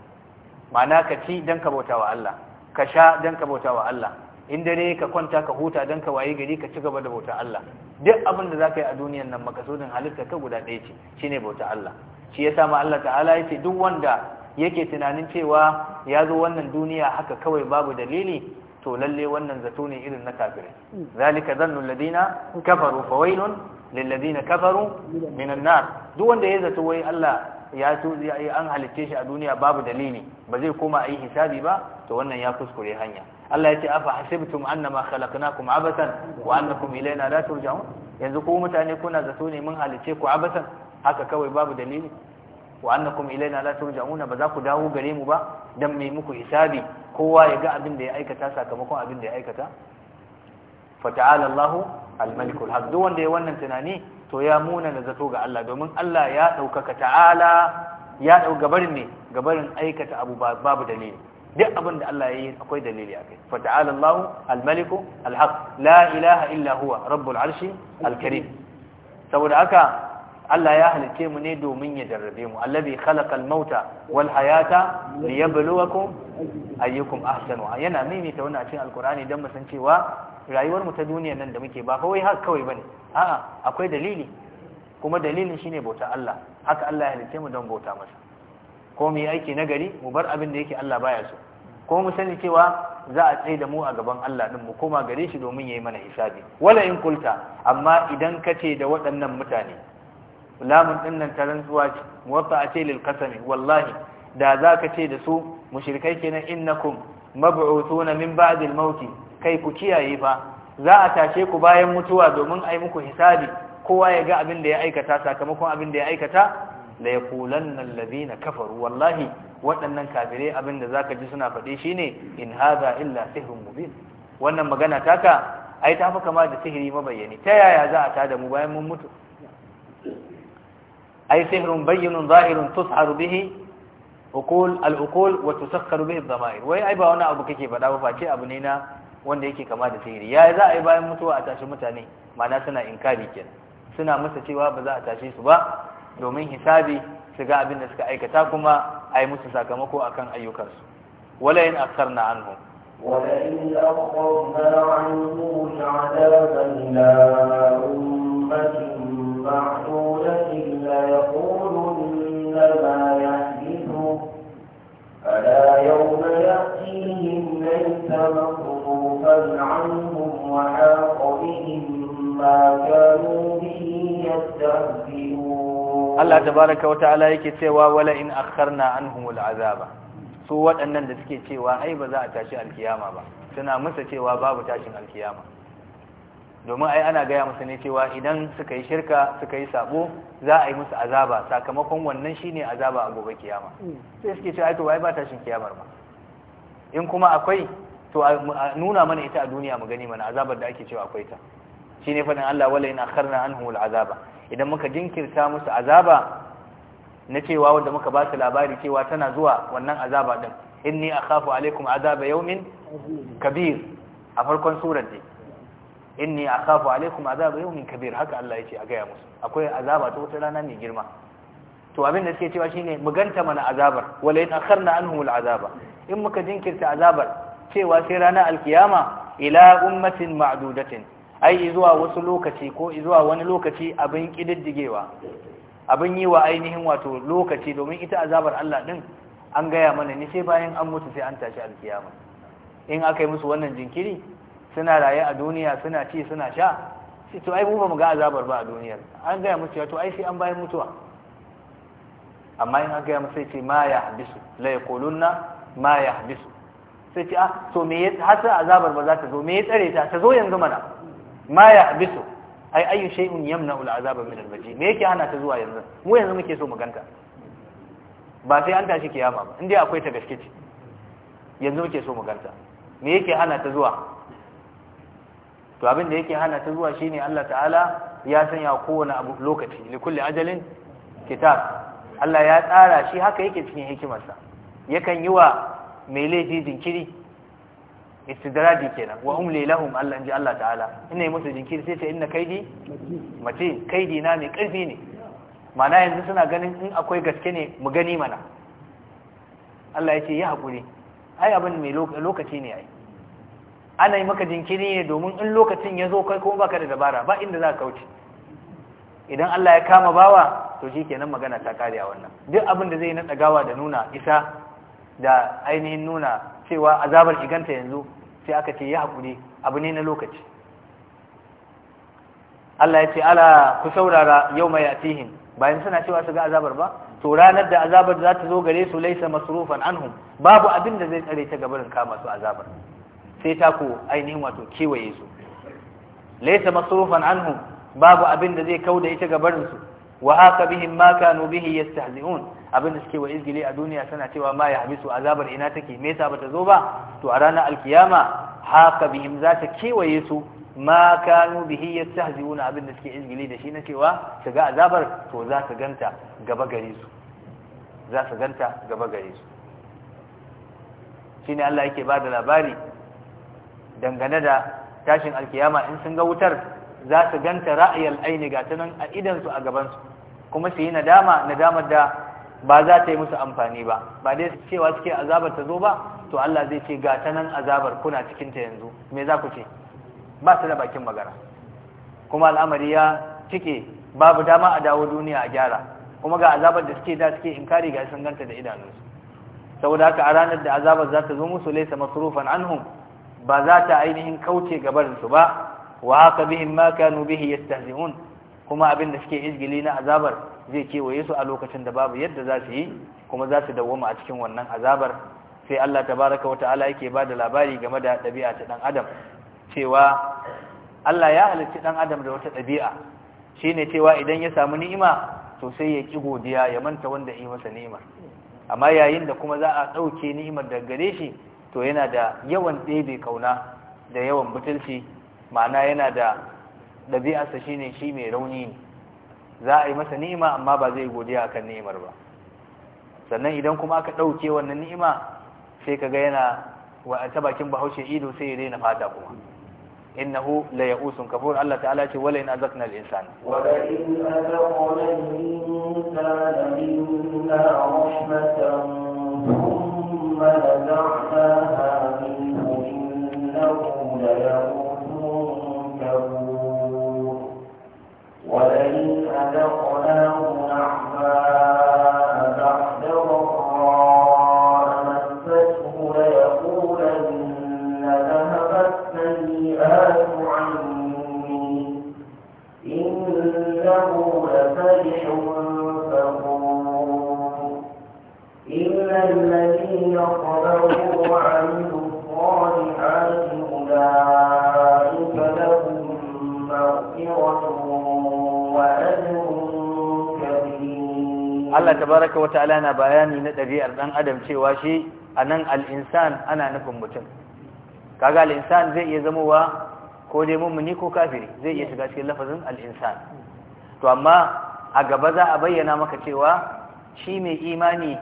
S1: ma'ana ka ci dan ka bauta wa Allah ka sha dan ka bauta wa Allah in dare ka kwanta ka huta dan ka waye gari ka ci gaba da bauta Allah duk abin da ka yi a duniyar nan makasudin halitta ka guda ɗaya ce shine bauta Allah shi yasa ma Allah ta'ala yace duk wanda yake tunanin cewa ya zo wannan duniya haka kawai babu dalili to lalle wannan zato ne irin na kafirai hmm. zalika zannu ladina kafaru fawailun lillazina kafaru minan nar duk wanda ya zato wai Allah ya to an halitte shi a duniya babu dalili ba zai koma a yi hisabi ba to wannan ya kuskure hanya Allah ya ce afa hasibtum annama khalaqnakum abasan wa annakum ilaina la turja'un yanzu ko mutane kuna zato ne mun halice ku abasan haka kawai babu dalili wa annakum ilaina la turja'una ba za ku dawo gare mu ba dan mai muku hisabi kowa ya ga abin da ya aikata sakamakon abin da ya aikata fata'ala Allahu almalikul haq duk wanda ya wannan tunani to ya muna na zato ga Allah domin Allah ya ɗaukaka ta'ala ya ɗau gabarin ne gabarin aikata abu babu dalili duk abin da Allah ya yi akwai dalili akai fa ta'ala Allah almaliku alhaq la ilaha illa huwa rabbul arshi alkarim saboda haka Allah ya halitte mu ne domin ya jarrabe mu allazi khalaqal mauta wal hayata liyabluwakum ayyukum ahsanu yana mimita wannan a cikin alqur'ani dan mu san cewa rayuwar mu ta duniyar nan da muke ba kawai haka kawai bane a'a akwai dalili kuma dalilin shine bauta Allah haka Allah ya halice mu don bauta masa ko mu yi aiki na gari, mu bar abin da yake Allah baya so ko mu sani cewa za a tsaye da mu a gaban Allah din mu koma gare shi domin yayi mana hisabi wala in kulta amma idan kace da waɗannan mutane lamun din nan ta rantsuwa ce a ce lil qasami wallahi da za ka ce da su mushrikai kenan innakum mab'uthuna min ba'd al-maut kai ku kiyaye fa za a tashe ku bayan mutuwa domin a yi muku hisabi kowa ya ga abin da ya aikata sakamakon abin da ya aikata la yaqulanna alladhina kafaru wallahi waɗannan kafirai abin da zaka ji suna faɗe shine in hadha illa sihrun mubin wannan magana taka ai ta fi kama da sihiri mabayyani ta yaya za a tada mu bayan mun mutu ai sihrun bayyinun zahirun tus'aru bihi uqul al-uqul wa tusakkaru bihi ad-dama'ir wai ai ba wani abu kake faɗa ba face abu ne na wanda yake kama da sihiri ya za a yi bayan mutuwa a tashi mutane mana suna inkari kenan suna musu cewa ba za a tashi su ba domin hisabi su ga abin da suka aikata kuma a yi musu sakamako akan ayyukansu wala yin aksarna anhum ولئن
S3: أخرنا عنه فضل عنهم وحاق بهم ما كانوا به يستهزئون
S1: الله تبارك وتعالى yake cewa wala in akharna anhum al'azaba su waɗannan da suke cewa ai ba za a tashi alkiyama ba suna musa cewa babu tashin alkiyama domin ai ana gaya musu ne cewa idan suka yi shirka suka yi sabo za a yi musu azaba sakamakon wannan shine azaba a gobe kiyama sai suke cewa ai to ai ba tashin kiyamar ba in kuma akwai to a nuna mana ita a duniya mu gani mana azabar da ake cewa akwai ta shine fadin Allah wala in akharna anhum azaba idan muka jinkirta musu azaba na cewa wanda muka ba su labari cewa tana zuwa wannan azaba din inni akhafu alaikum azaba yawmin kabir a farkon surar din inni akhafu alaikum azaba yawmin kabir haka Allah yace a gaya musu akwai azaba ta wata rana mai girma to abin da suke cewa shine muganta mana azabar wala in akharna anhum azaba in muka jinkirta azabar cewa sai ranar alkiyama ila ummatin ma'dudatin ai zuwa wasu lokaci ko zuwa wani lokaci abin kididdigewa abin yi wa ainihin wato lokaci domin ita azabar Allah din an gaya mana ni sai bayan an mutu sai an tashi alkiyama in aka yi musu wannan jinkiri suna raye a duniya suna ci suna sha sai to ai mu ba mu ga azabar ba a duniyar an gaya musu to ai sai an bayan mutuwa amma in aka yi musu sai ce ma ya hadisu la yaquluna ma ya hadisu. sai ce ah, to me ya hasa azabar ba za ta zo me ya tsare ta ta zo yanzu mana ma ya habisu ai ayyu shay'un yamna'u al'azaba min al-maji me yake hana ta zuwa yanzu mu yanzu muke so mu ganta ba sai an tashi kiyama ba inda akwai ta gaske ce yanzu muke so mu ganta me yake hana ta zuwa to abin da yake hana ta zuwa shine Allah ta'ala ya sanya kowane abu lokaci li kulli ajalin kitab Allah ya tsara shi haka yake cikin hikimarsa yakan yi wa mai laifi jinkiri istidradi kenan wa umli lahum Allah inji Allah ta'ala ina musu jinkiri sai ta inna kaidi mace kaidi na mai karfi ne mana yanzu suna ganin in akwai gaske ne mu gani mana Allah ya ce yi hakuri ai abin mai lokaci ne ai ana yi maka jinkiri ne domin in lokacin ya zo kai kuma baka da dabara ba inda za ka kauce idan Allah ya kama bawa to shi kenan magana ta kare a wannan duk abin da zai na tsagawa da nuna isa da ainihin nuna cewa azabar iganta yanzu sai aka ce ya haƙuri abu ne na lokaci Allah ya ce ala ku saurara yau mai atihin bayan suna cewa su ga azabar ba to ranar da azabar za ta zo gare su laisa masrufan anhum babu abin da zai tsare ta gabarin kama su azabar sai ta ku ainihin wato kewaye su laisa masrufan anhum babu abin da zai kauda ita gabarin su wa haka bihim ma kanu bihi abin da suke wa izgili a duniya tana cewa ma ya habisu azabar ina take me yasa bata zo ba to a ranar alkiyama haka bihim za ta kewaye su ma kanu bihi yastahzi'un abin da suke izgili da shi na cewa shiga azabar to za ta ganta gaba gare su za ta ganta gaba gare su shine Allah yake bada labari dangane da tashin alkiyama in sun ga wutar za su ganta ra'ayin aini ga ta a idansu a gabansu kuma su yi nadama nadamar da ba za ta yi musu amfani ba ba dai cewa suke azabar ta zo ba to Allah zai ce ga ta nan azabar kuna cikin ta yanzu me za ku ce ba su da bakin magana kuma al'amari ya cike babu dama a dawo duniya a gyara kuma ga azabar da suke da suke inkari ga sun ganta da idanunsu saboda haka a ranar da azabar za ta zo musu laisa masrufan anhum ba za ta ainihin kauce gabarinsu ba wa haka bihim ma kanu bihi yastahzi'un kuma abin da suke izgili na azabar zai kewaye su a lokacin da babu yadda za su yi kuma za su dawoma a cikin wannan azabar sai Allah ta baraka wa ta'ala yake ba da labari game da ɗabi'a ta ɗan adam cewa Allah ya halicci dan adam da wata ɗabi'a shine cewa idan ya samu ni'ima to sai ya ki godiya ya manta wanda yi masa ni'imar amma yayin da kuma za a ɗauke ni'imar daga gare shi to yana da yawan ɗebe kauna da yawan butulci ma'ana yana da ɗabi'arsa shi ne shi mai rauni ne za a yi masa ni'ima amma ba zai godiya a kan ni'imar ba sannan idan kuma aka ɗauke wannan ni'ima sai ka ga yana ta bakin bahaushe ido sai ya daina fata kuma innahu la ya'usun kafur Allah ta'ala ce wala in azakna al-insan
S3: wa la in azakna al-insana minna rahmatan thumma minhu innahu la
S1: tabaraka wa ta'ala na bayani na ɗabi'ar ɗan adam cewa shi anan al-insan ana nufin mutum kaga al-insan zai iya zamowa ko dai mummuni ko kafiri zai iya shiga cikin lafazin al-insan to amma a gaba za a bayyana maka cewa shi mai imani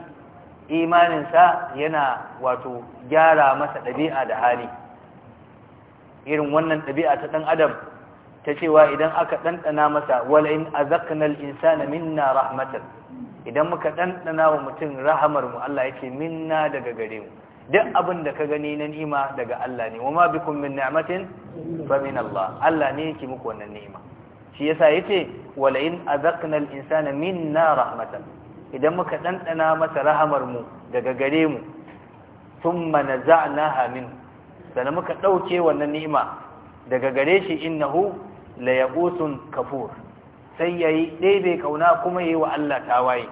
S1: imaninsa yana wato gyara masa ɗabi'a da hali irin wannan ɗabi'a ta dan adam ta cewa idan aka ɗanɗana masa wala in azakna al-insana minna rahmatan idan muka ɗanɗana wa mutum rahamar mu Allah yake minna daga gare mu duk abin da ka gani na ni'ima daga Allah ne wama bikum min ni'matin fa min Allah Allah ne yake muku wannan ni'ima shi yasa yace wala in azaqna al-insana minna rahmatan idan muka ɗanɗana masa rahamar mu daga gare mu thumma naza'naha min sannan muka ɗauke wannan ni'ima daga gare shi innahu la yaqusun kafur sai ya yi ɗebe kauna kuma ya yi wa Allah tawaye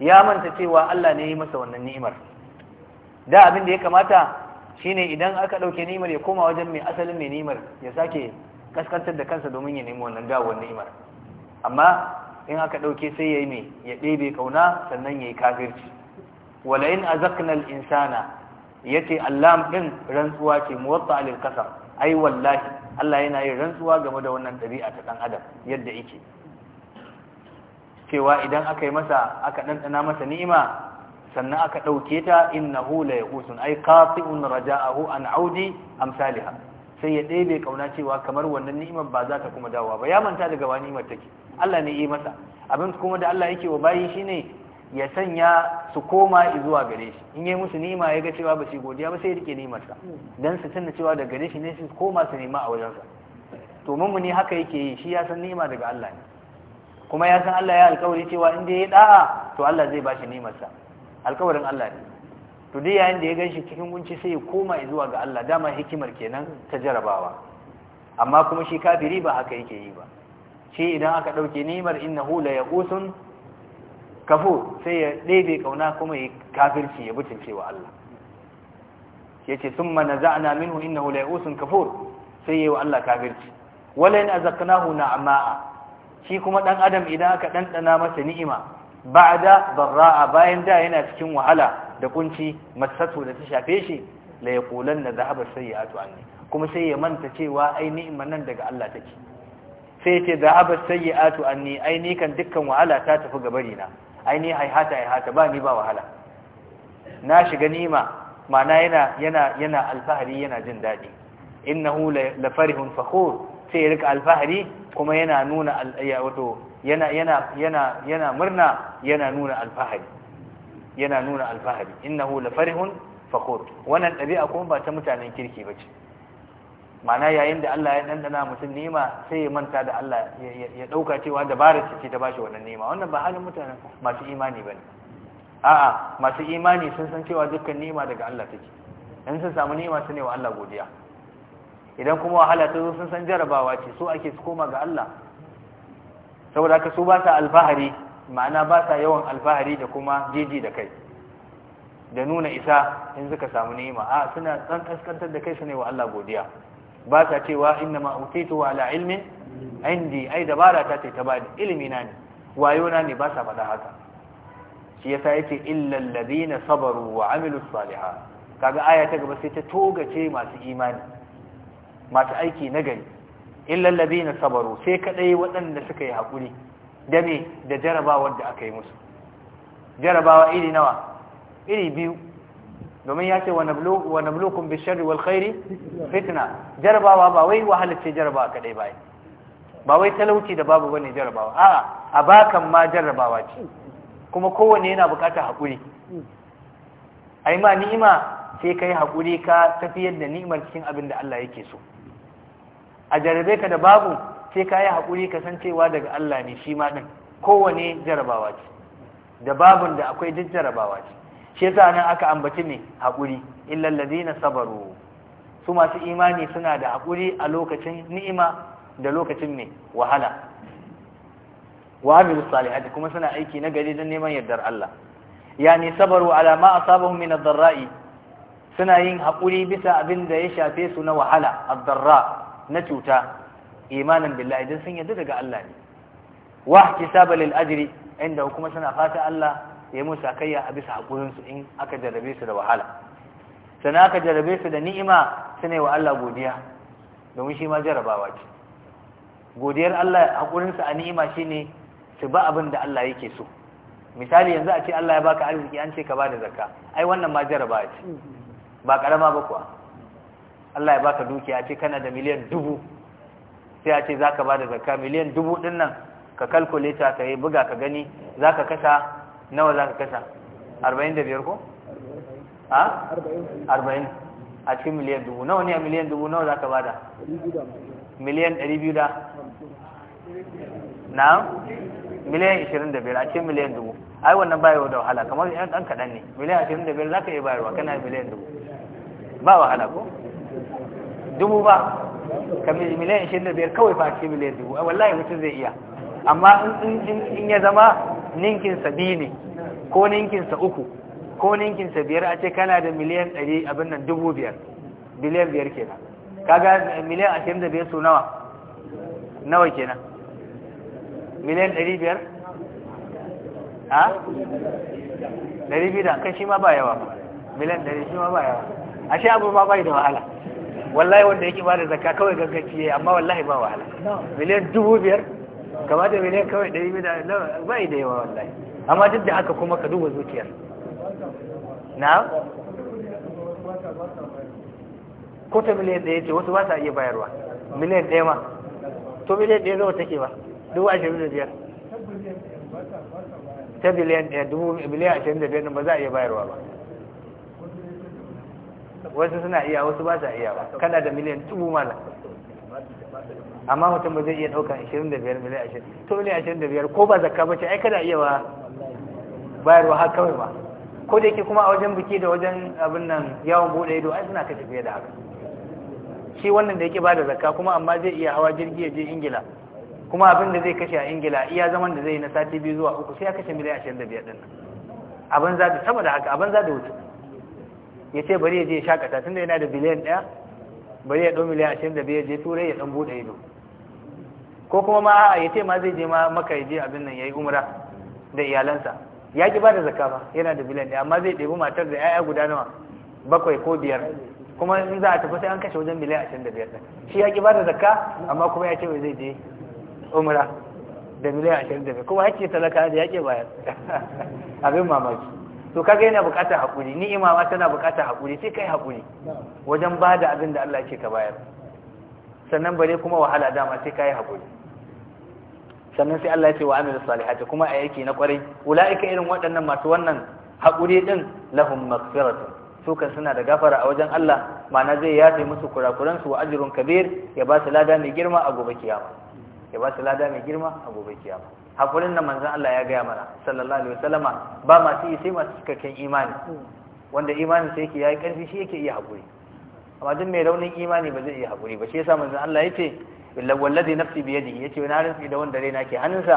S1: ya manta cewa Allah ne ya yi masa wannan ni'imar da abin da ya kamata shine idan aka ɗauke ni'imar ya koma wajen mai asalin mai ni'imar ya sake kaskantar da kansa domin ya nemi wannan gawar ni'imar amma in aka ɗauke sai ya yi mai ya ɗebe ƙauna sannan ya yi kafirci wala in azaknal insana yace allah ɗin rantsuwa ce muwatta Alil kasar ai wallahi Allah yana yin rantsuwa game da wannan ɗabi'a ta ɗan adam yadda yake cewa idan aka yi masa aka ɗanɗana masa ni'ima sannan aka ɗauke ta innahu la yaqusun ay qati'un raja'ahu an audi amsalha sai ya ɗebe kauna cewa kamar wannan ni'imar ba za ta kuma dawowa ba ya manta daga wani ni'imar take Allah ne yi masa abin kuma da Allah yake wa bayi shi ne. ya sanya su koma zuwa gare shi in yi musu nima ya ga cewa ba su godiya ba sai ya rike nimarsa don su tunda cewa da gare shi ne su koma su nema a wajensa to ne haka yake yi shi ya san nima daga Allah ne kuma ya san Allah ya alkawari cewa in dai ya da'a to Allah zai bashi nimarsa alkawarin Allah ne to dai yayin da ya ganshi cikin gunci sai ya koma zuwa ga Allah dama hikimar kenan ta jarabawa amma kuma shi kafiri ba haka yake yi ba shi idan aka dauke nimar innahu la yaqusun kafu sai ya ɗebe ƙauna kuma ya kafirci ya butunce wa Allah ya ce mana na minu naza'na hula ya usun kafur sai ya yi wa Allah kafirci huna zakanahuna na'ma'a shi kuma ɗan adam idan aka ɗanɗana masa ni'ima barra a bayan da yana cikin wahala da kunci masatu da ta shafe shi la sai ya atu anni kuma sai ya manta cewa ai ni'ima nan daga Allah take sai ya ce sai ya atu anni ai ni kan dukkan wahala ta tafi gabari na aini haihata haihata ba ni ba wahala na shiga nima mana yana yana yana alfahari yana jin daɗi innahu la farihun fakhur sai ya rika alfahari kuma yana nuna wato yana yana yana yana murna yana nuna alfahari yana nuna alfahari innahu la farihun fakhur wannan ɗabi'a kuma ba ta mutanen kirki bace ma'ana yayin da Allah ya dandana mutum nema sai ya manta da Allah ya dauka cewa dabarar ce ta bashi wannan nema wannan ba halin mutanen masu imani bane a'a masu imani sun san cewa dukkan nema daga Allah take in sun samu nema sune wa Allah godiya idan kuma wahala ta zo sun san jarabawa ce so ake su koma ga Allah saboda haka su ba sa alfahari ma'ana ba sa yawan alfahari da kuma jiji da kai da nuna isa in suka samu nema a suna dan kaskantar da kai su ne wa Allah godiya ba sa cewa inna ma utaitu ala ilmin indi ai dabara ta ce ta bani ilimi na ne wayo na ne ba sa faɗa haka shi yasa yace illa alladhina sabaru wa amilu salihat kaga aya ta gaba sai ta togace masu imani masu aiki na gari illa alladhina sabaru sai kadai waɗanda suka yi hakuri da me da jarabawar da aka yi musu jarabawa iri nawa iri biyu domin ya ce wa bulokun bishari wal khairi fitna jarabawa ba wai wahalar ce jarabawa kaɗai ba ba wai talauci da babu wani jarabawa a'a a bakan ma jarabawa ce kuma kowanne yana bukatar hakuri ai ma ni'ima sai ka yi hakuri ka tafi yadda ni'imar cikin abin da Allah yake so a jarabe ka da babu sai ka yi hakuri ka san cewa daga Allah ne shi ma ɗin kowanne jarabawa ce da babun da akwai duk jarabawa ce shi yasa nan aka ambaci ne haƙuri illal na sabaru su masu imani suna da haƙuri a lokacin ni'ima da lokacin ne wahala wa amilu salihati kuma suna aiki na gari don neman yardar Allah yani sabaru ala ma asabahum min ad suna yin haƙuri bisa abin da ya shafe su na wahala ad-darra na cuta imanin billahi dan sun yarda daga Allah ne wa ihtisaba lil ajri inda kuma suna fata Allah ya yi musu akayya a bisa haƙurinsu in aka jarrabe su da wahala sannan aka jarrabe su da ni'ima ne wa Allah godiya domin shi ma jarrabawa ce godiyar Allah haƙurinsu a ni'ima shi ne su ba abin da Allah yake so misali yanzu a ce Allah ya baka arziki an ce ka ba da zakka ai wannan ma jarrabawa ce ba karama ba kuwa Allah ya baka dukiya ce kana da miliyan dubu sai a ce za ka ba da zakka miliyan dubu ɗin nan ka kalkuleta ka yi buga ka gani za ka kasa nawa za ka kasa arba'in da biyar ko? a? arba'in a cikin miliyan dubu nawa ne a miliyan dubu nawa za ka bada? miliyan dari biyu da?
S2: na? miliyan ishirin
S1: da biyar a cikin miliyan dubu ai wannan bayarwa da wahala kamar yan dan kaɗan ne miliyan ashirin da biyar za ka iya bayarwa kana miliyan dubu ba wahala ko? dubu ba ka miliyan ishirin da biyar kawai fa a cikin miliyan dubu wallahi mutum zai iya amma in ya zama ninkinsa biyu ne ko ninkinsa uku ko ninkinsa biyar a ce kana da miliyan ɗari abin nan dubu biyar biliyan biyar kenan kaga miliyan ashirin da biyar su nawa nawa kenan miliyan ɗari biyar a ɗari biyu da kan shi ma ba yawa miliyan ɗari shi ma ba yawa ashe abu ma bai da wahala wallahi wanda yake ba da zakka kawai gaggaci amma wallahi ba wahala miliyan dubu biyar gaba da miliyan kawai yi biyu da bai da yawa wallahi amma duk da haka kuma ka duba zuciyar na kota miliyan ɗaya ce wasu ba sa iya bayarwa miliyan ɗaya ma to miliyan ɗaya zama take ba dubu ashirin da biyar
S2: ta biliyan ɗaya dubu biliyan ashirin da
S1: biyar ba za a iya bayarwa ba wasu suna iya wasu ba sa iya ba kana da miliyan dubu malam amma mutum ba zai iya ɗaukar 25 miliyan 20 to miliyan 25 ko ba zakka ba ce ai kada iya ba bayarwa haka kawai ba ko da yake kuma a wajen biki da wajen abin nan yawon buɗe ido ai suna ka tafiye da haka shi wannan da yake ba da zakka kuma amma zai iya hawa jirgi ya je ingila kuma abin da zai kashe a ingila iya zaman da zai yi na sati biyu zuwa uku sai ya kashe miliyan 25 ɗin nan abin za da saboda haka abin za da wuce ya ce bari ya je ya shakata tunda yana da biliyan ɗaya bari ya ɗau miliyan ashirin da biyar je turai ya ɗan buɗe ido ko kuma ma a yace ce ma zai je ma maka yaje je abin nan ya yi umra da iyalansa ya ki ba da zakka ba yana da biliyan ɗaya amma zai ɗebi matar da 'ya'ya guda nawa bakwai ko biyar kuma in za a tafi sai an kashe wajen miliyan ashirin da biyar ɗin shi ya ki ba da zakka amma kuma ya ce wai zai je umra da miliyan ashirin da biyar kuma ya ce talaka da ya ke bayar [LAUGHS] abin mamaki to kaga yana bukatar hakuri ni'ima ma tana bukatar hakuri sai kai hakuri wajen bada abin da Allah yake ka bayar sannan bare kuma wahala dama sai kai hakuri sannan sai Allah ya ce wa amilu salihati kuma a yake na kwarai ulaika irin waɗannan masu wannan hakuri din lahum maghfiratun su kan suna da gafara a wajen Allah mana zai yafe musu kurakuran su wa ajrun kabir ya ba su lada mai girma a gobe kiyama ya ba su lada mai girma a gobe kiyama hakurin da manzon Allah ya gaya mana sallallahu alaihi wasallama ba masu yi sai masu cikakken imani wanda imanin sai yake yayi karfi shi yake iya hakuri amma duk mai raunin imani ba zai iya hakuri ba shi yasa manzon Allah yace illa wallazi nafsi bi yadihi yace na rantsi da wanda raina ke hannunsa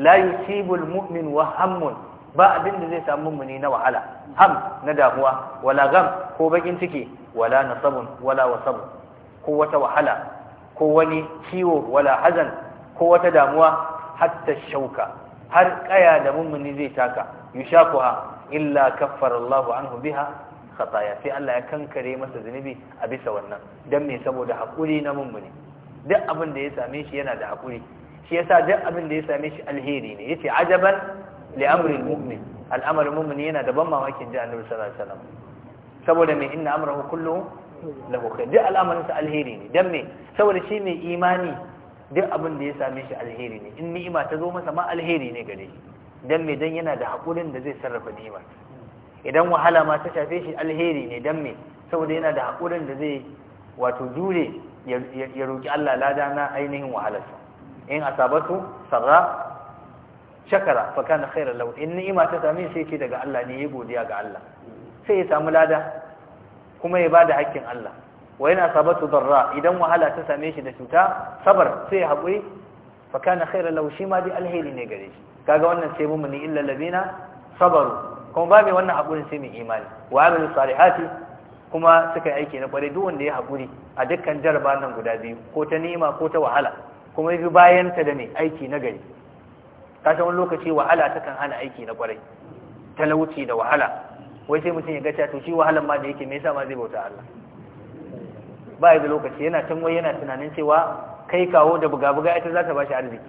S1: la yusibul mu'min wa hammun ba abin da zai samu mu ne na wahala ham na damuwa wala gam ko bakin ciki wala nasabun wala wasab ko wata wahala ko wani ciwo wala hazan ko wata damuwa hatta shauka har kaya da mummuni zai taka yushakuha illa kaffarallahu Allahu anhu biha khataya sai Allah ya kankare masa zunubi a bisa wannan dan me saboda hakuri na mummuni duk abin da ya same shi yana da hakuri shi yasa duk abin da ya same shi alheri ne yace ajaban li amri almu'min al'amarin mummuni yana da ban mamakin ji annabi sallallahu alaihi wasallam saboda me inna amrahu kulluhu lahu khair duk al'amarin sa alheri ne dan me saboda shi mai imani duk abin da ya same shi alheri ne in ni'ima ta zo masa ma alheri ne gare shi dan me dan yana da hakurin da zai sarrafa ni'imar idan wahala ma ta shafe shi alheri ne dan me saboda yana da hakurin da zai wato jure ya roki Allah lada na ainihin sa in asabatu sarra shakara fa kana khairan law in ni'ima ta same shi ke daga Allah ne ya godiya ga Allah sai ya samu lada kuma ya bada hakkin Allah wa yana sabatu darra idan wahala ta same shi da cuta sabar sai haƙuri fa kana khairan lahu shi ma bi alheri ne gare shi kaga wannan sai mun ni illa labina sabaru kuma ba mai wannan haƙurin sai mai imani wa amilu salihati kuma suka aiki na kware duk wanda ya haƙuri a dukkan jarba nan guda biyu ko ta nima ko ta wahala kuma yafi bayan ta da ne aiki na gari ka wani lokaci wahala takan hana aiki na kwarai talauci da wahala wai sai mutum ya gaca to shi wahalan ma da yake me yasa ma zai bauta Allah ba ya da lokaci yana wai yana tunanin cewa kai kawo da buga-buga ita za ta ba shi arziki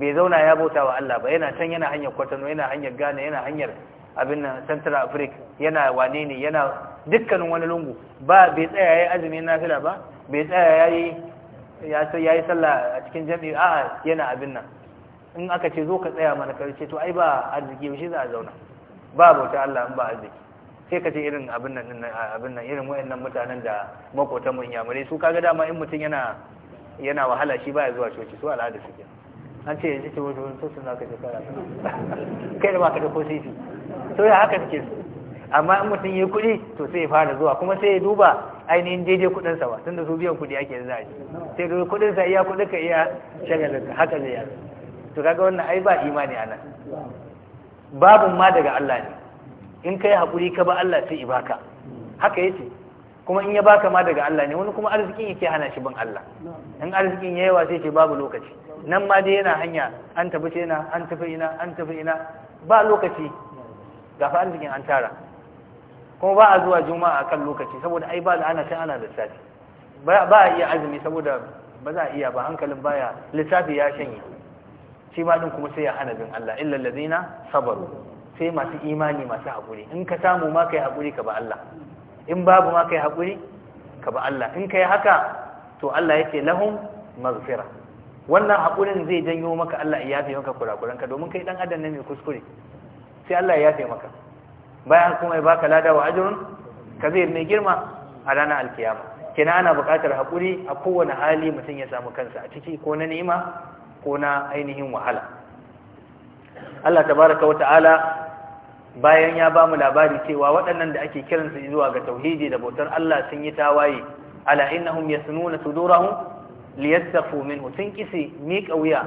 S1: bai zauna ya bauta wa Allah ba yana can yana hanyar kwatano yana hanyar ghana yana hanyar abin nan central africa yana wane ne yana dukkanin wani lungu ba bai tsaya ya yi azumin nafila ba bai tsaya ya yi ya yi sallah a cikin jami'i a'a yana abin nan in aka ce zo ka tsaya mana karshe to ai ba arziki ba shi za a zauna ba bauta Allah in ba arziki sai ka ce irin abin nan abin nan irin wayannan mutanen da makotan mun yamurai su kaga dama in mutum yana yana wahala shi baya zuwa coci su al'ada suke an ce yanzu ce wajen wani sosu na kashe kara kai da baka da ko sisi to ya haka suke su amma in mutum ya kuɗi to sai ya fara zuwa kuma sai ya duba ainihin daidai kuɗinsa ba tunda su biyan kuɗi ake za a sai ga kuɗinsa iya kuɗin ka iya shagalin haka zai yi to kaga wannan ai ba imani a nan babun ma daga Allah ne in ka yi haƙuri ka ba Allah sai ibaka haka yace kuma in ya baka ma daga Allah ne wani kuma arzikin yake hana shi bin Allah in arzikin ya yawa sai ce babu lokaci nan ma dai yana hanya an tafi ce an tafi ina an tafi ina ba lokaci ga fa arzikin an tara kuma ba a zuwa juma'a kan lokaci saboda ai ba da ana shan ana da lissafi ba a iya azumi saboda ba za a iya ba hankalin baya lissafi ya shanye shi ma din kuma sai ya hana bin Allah illa ladina sabaru sai masu imani masu haƙuri in ka samu ma kai haƙuri ka ba Allah in babu ma kai haƙuri ka ba Allah in yi haka to Allah yake lahun maghfira wannan haƙurin zai janyo maka Allah ya yafe maka kurakuran ka domin kai dan adam ne mai kuskure sai Allah ya fi maka bayan kuma ya baka lada wa ajrun kabir mai girma a ranar alkiyama kina ana buƙatar haƙuri a kowane hali mutum ya samu kansa a ciki ko na ni'ima ko na ainihin wahala Allah tabaraka wa ta'ala bayan ya ba mu labari cewa waɗannan da ake kiransu zuwa ga tauhidi da bautar Allah sun yi tawaye ala innahum yasnuna sudurahum liyastafu minhu sun kisi miƙa wuya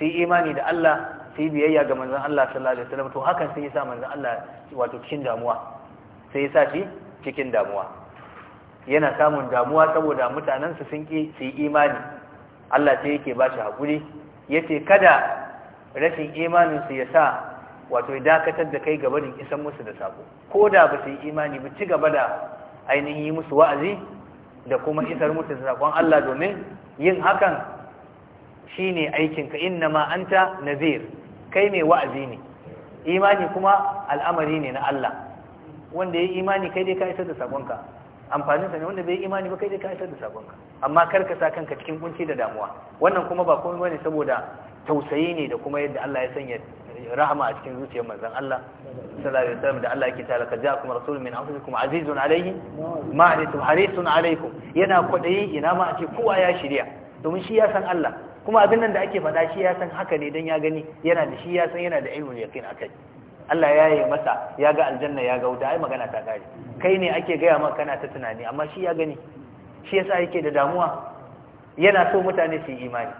S1: su yi imani da Allah su yi biyayya ga manzon Allah sallallahu alaihi wasallam to hakan sun yi sa manzon Allah wato cikin damuwa sai sa shi cikin damuwa yana samun damuwa saboda mutanen su sun ki su yi imani Allah sai yake ba shi hakuri yace kada rashin imanin su sa. wato ya dakatar da kai gaba da isan musu da sako ko da ba su yi imani ba ci gaba da ainihin yi musu wa'azi da kuma isar musu da sakon Allah domin yin hakan shine aikinka inna ma anta nazir kai mai wa'azi ne imani kuma al'amari ne na Allah wanda ya imani kai dai ka isar da sakonka amfanin sa ne wanda bai imani ba kai dai ka isar da sakonka amma kar ka sa kanka cikin kunci da damuwa wannan kuma ba komai bane saboda tausayi ne da kuma yadda Allah ya sanya rahama a cikin zuciyar manzon Allah sallallahu alaihi wasallam da Allah yake ta ka ja'akum rasulun min anfusikum azizun alaihi ma alitum harisun alaikum yana kwadayi ina ma a ce kowa ya shirya domin shi ya san Allah kuma abin nan da ake faɗa shi ya san haka ne dan ya gani yana da shi ya san yana da ilmul yaqin akai Allah ya yi masa ya ga aljanna ya ga wuta ai magana ta kare kai ne ake gaya maka kana ta tunani amma shi ya gani shi yasa yake da damuwa yana so mutane su yi imani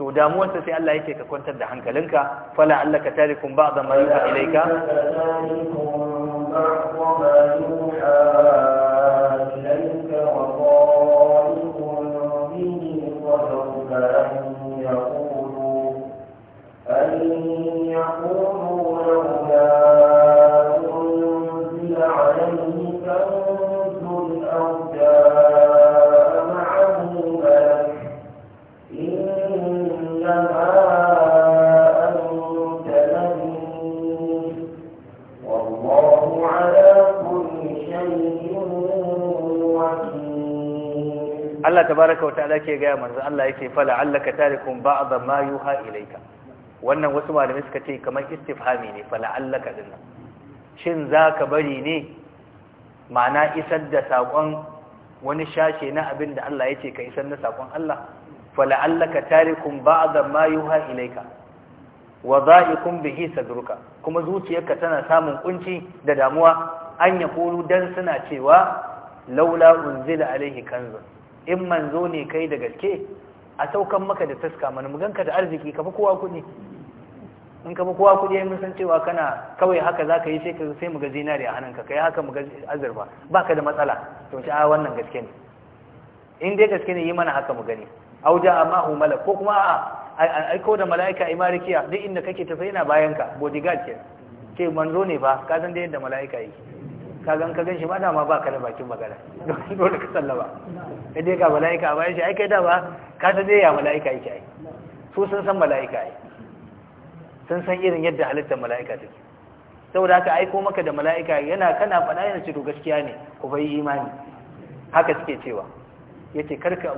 S1: to damuwarsa sai Allah yake ka kwantar da hankalinka fala allaka tarikum ba'd ma yuha ilayka
S3: أن
S1: tabaraka wa ke gaya manzo Allah yake fala allaka tarikum ba'd ma yuha ilayka wannan wasu malamai suka ce kamar istifhami ne fala allaka dinna shin zaka bari ne ma'ana isar da sakon wani shashe na abin da Allah ce ka isar da sakon Allah fala allaka tarikum ba'd ma yuha ilayka wa bihi sadruka kuma zuciyarka tana samun kunci da damuwa an yaqulu dan suna cewa laula unzila alaihi kanzun in manzo ne kai da gaske a saukan maka da taska mana muganka da arziki ka fi kowa kuɗi in ka fi kowa kuɗi ya san cewa kana kawai haka za ka yi sai sai mu ga zinari a hannunka kai haka mu ga azurfa ba ka da matsala to ci a wannan gaske ne in dai gaske ne yi mana haka mu gani auja amma hu malak ko kuma a aiko da mala'ika a imarikiya duk inda kake tafi yana bayan ka bodyguard ke ce manzo ne ba ka san da yadda mala'ika yake ka gan ka gan shi ma dama ba ka da bakin magana [LAUGHS] dole ka sallaba sai dai ga mala'ika a bayan shi ai kai ba ka ta dai ya mala'ika yake ai su sun san mala'ika ai sun san irin yadda halittar mala'ika take saboda haka aiko maka da mala'ika yana kana faɗa yana ce to gaskiya ne ku bai imani haka suke cewa yace karka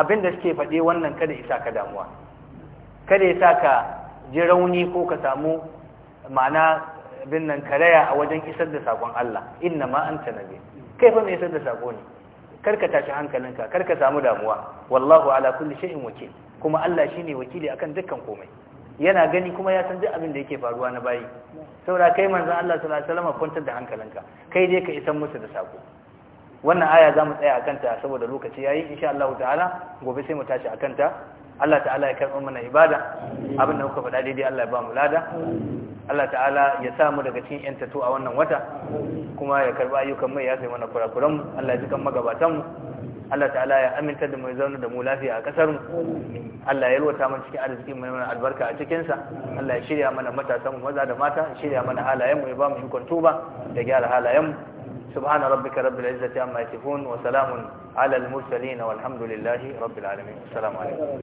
S1: abin da suke faɗe wannan kada isa ka damuwa kada ya sa ka ji rauni ko ka samu ma'ana bin nan karaya a wajen isar da sakon Allah inna ma anta nabi kai fa mai isar da sako ne karka tashi hankalinka karka samu damuwa wallahu ala kulli shay'in wakil kuma Allah shine wakili akan dukkan komai yana gani kuma ya san duk abin da yake faruwa na bayi saboda kai manzon Allah sallallahu alaihi wasallam kwantar da hankalinka kai dai ka isar musu da sako wannan aya za mu tsaya a kanta saboda lokaci yayi insha Allah ta'ala gobe sai mu tashi a kanta Allah ta'ala ya karɓi mana ibada abin da kuka faɗa daidai Allah ya ba mu lada Allah ta'ala ya samu daga cikin yan tato a wannan wata kuma ya karba ayyukan mai ya sai mana kurakuran mu Allah ya ji kan magabatan mu Allah ta'ala ya aminta da mu zauna da mu lafiya a kasar mu Allah ya yalwata mana cikin arziki mu mana albarka a cikin sa Allah ya shirya mana matasa mu maza da mata ya shirya mana halayen mu ya ba mu ikon tuba da gyara halayen mu سبحان ربك رب العزة عما wa وسلام على المرسلين والحمد لله رب العالمين السلام عليكم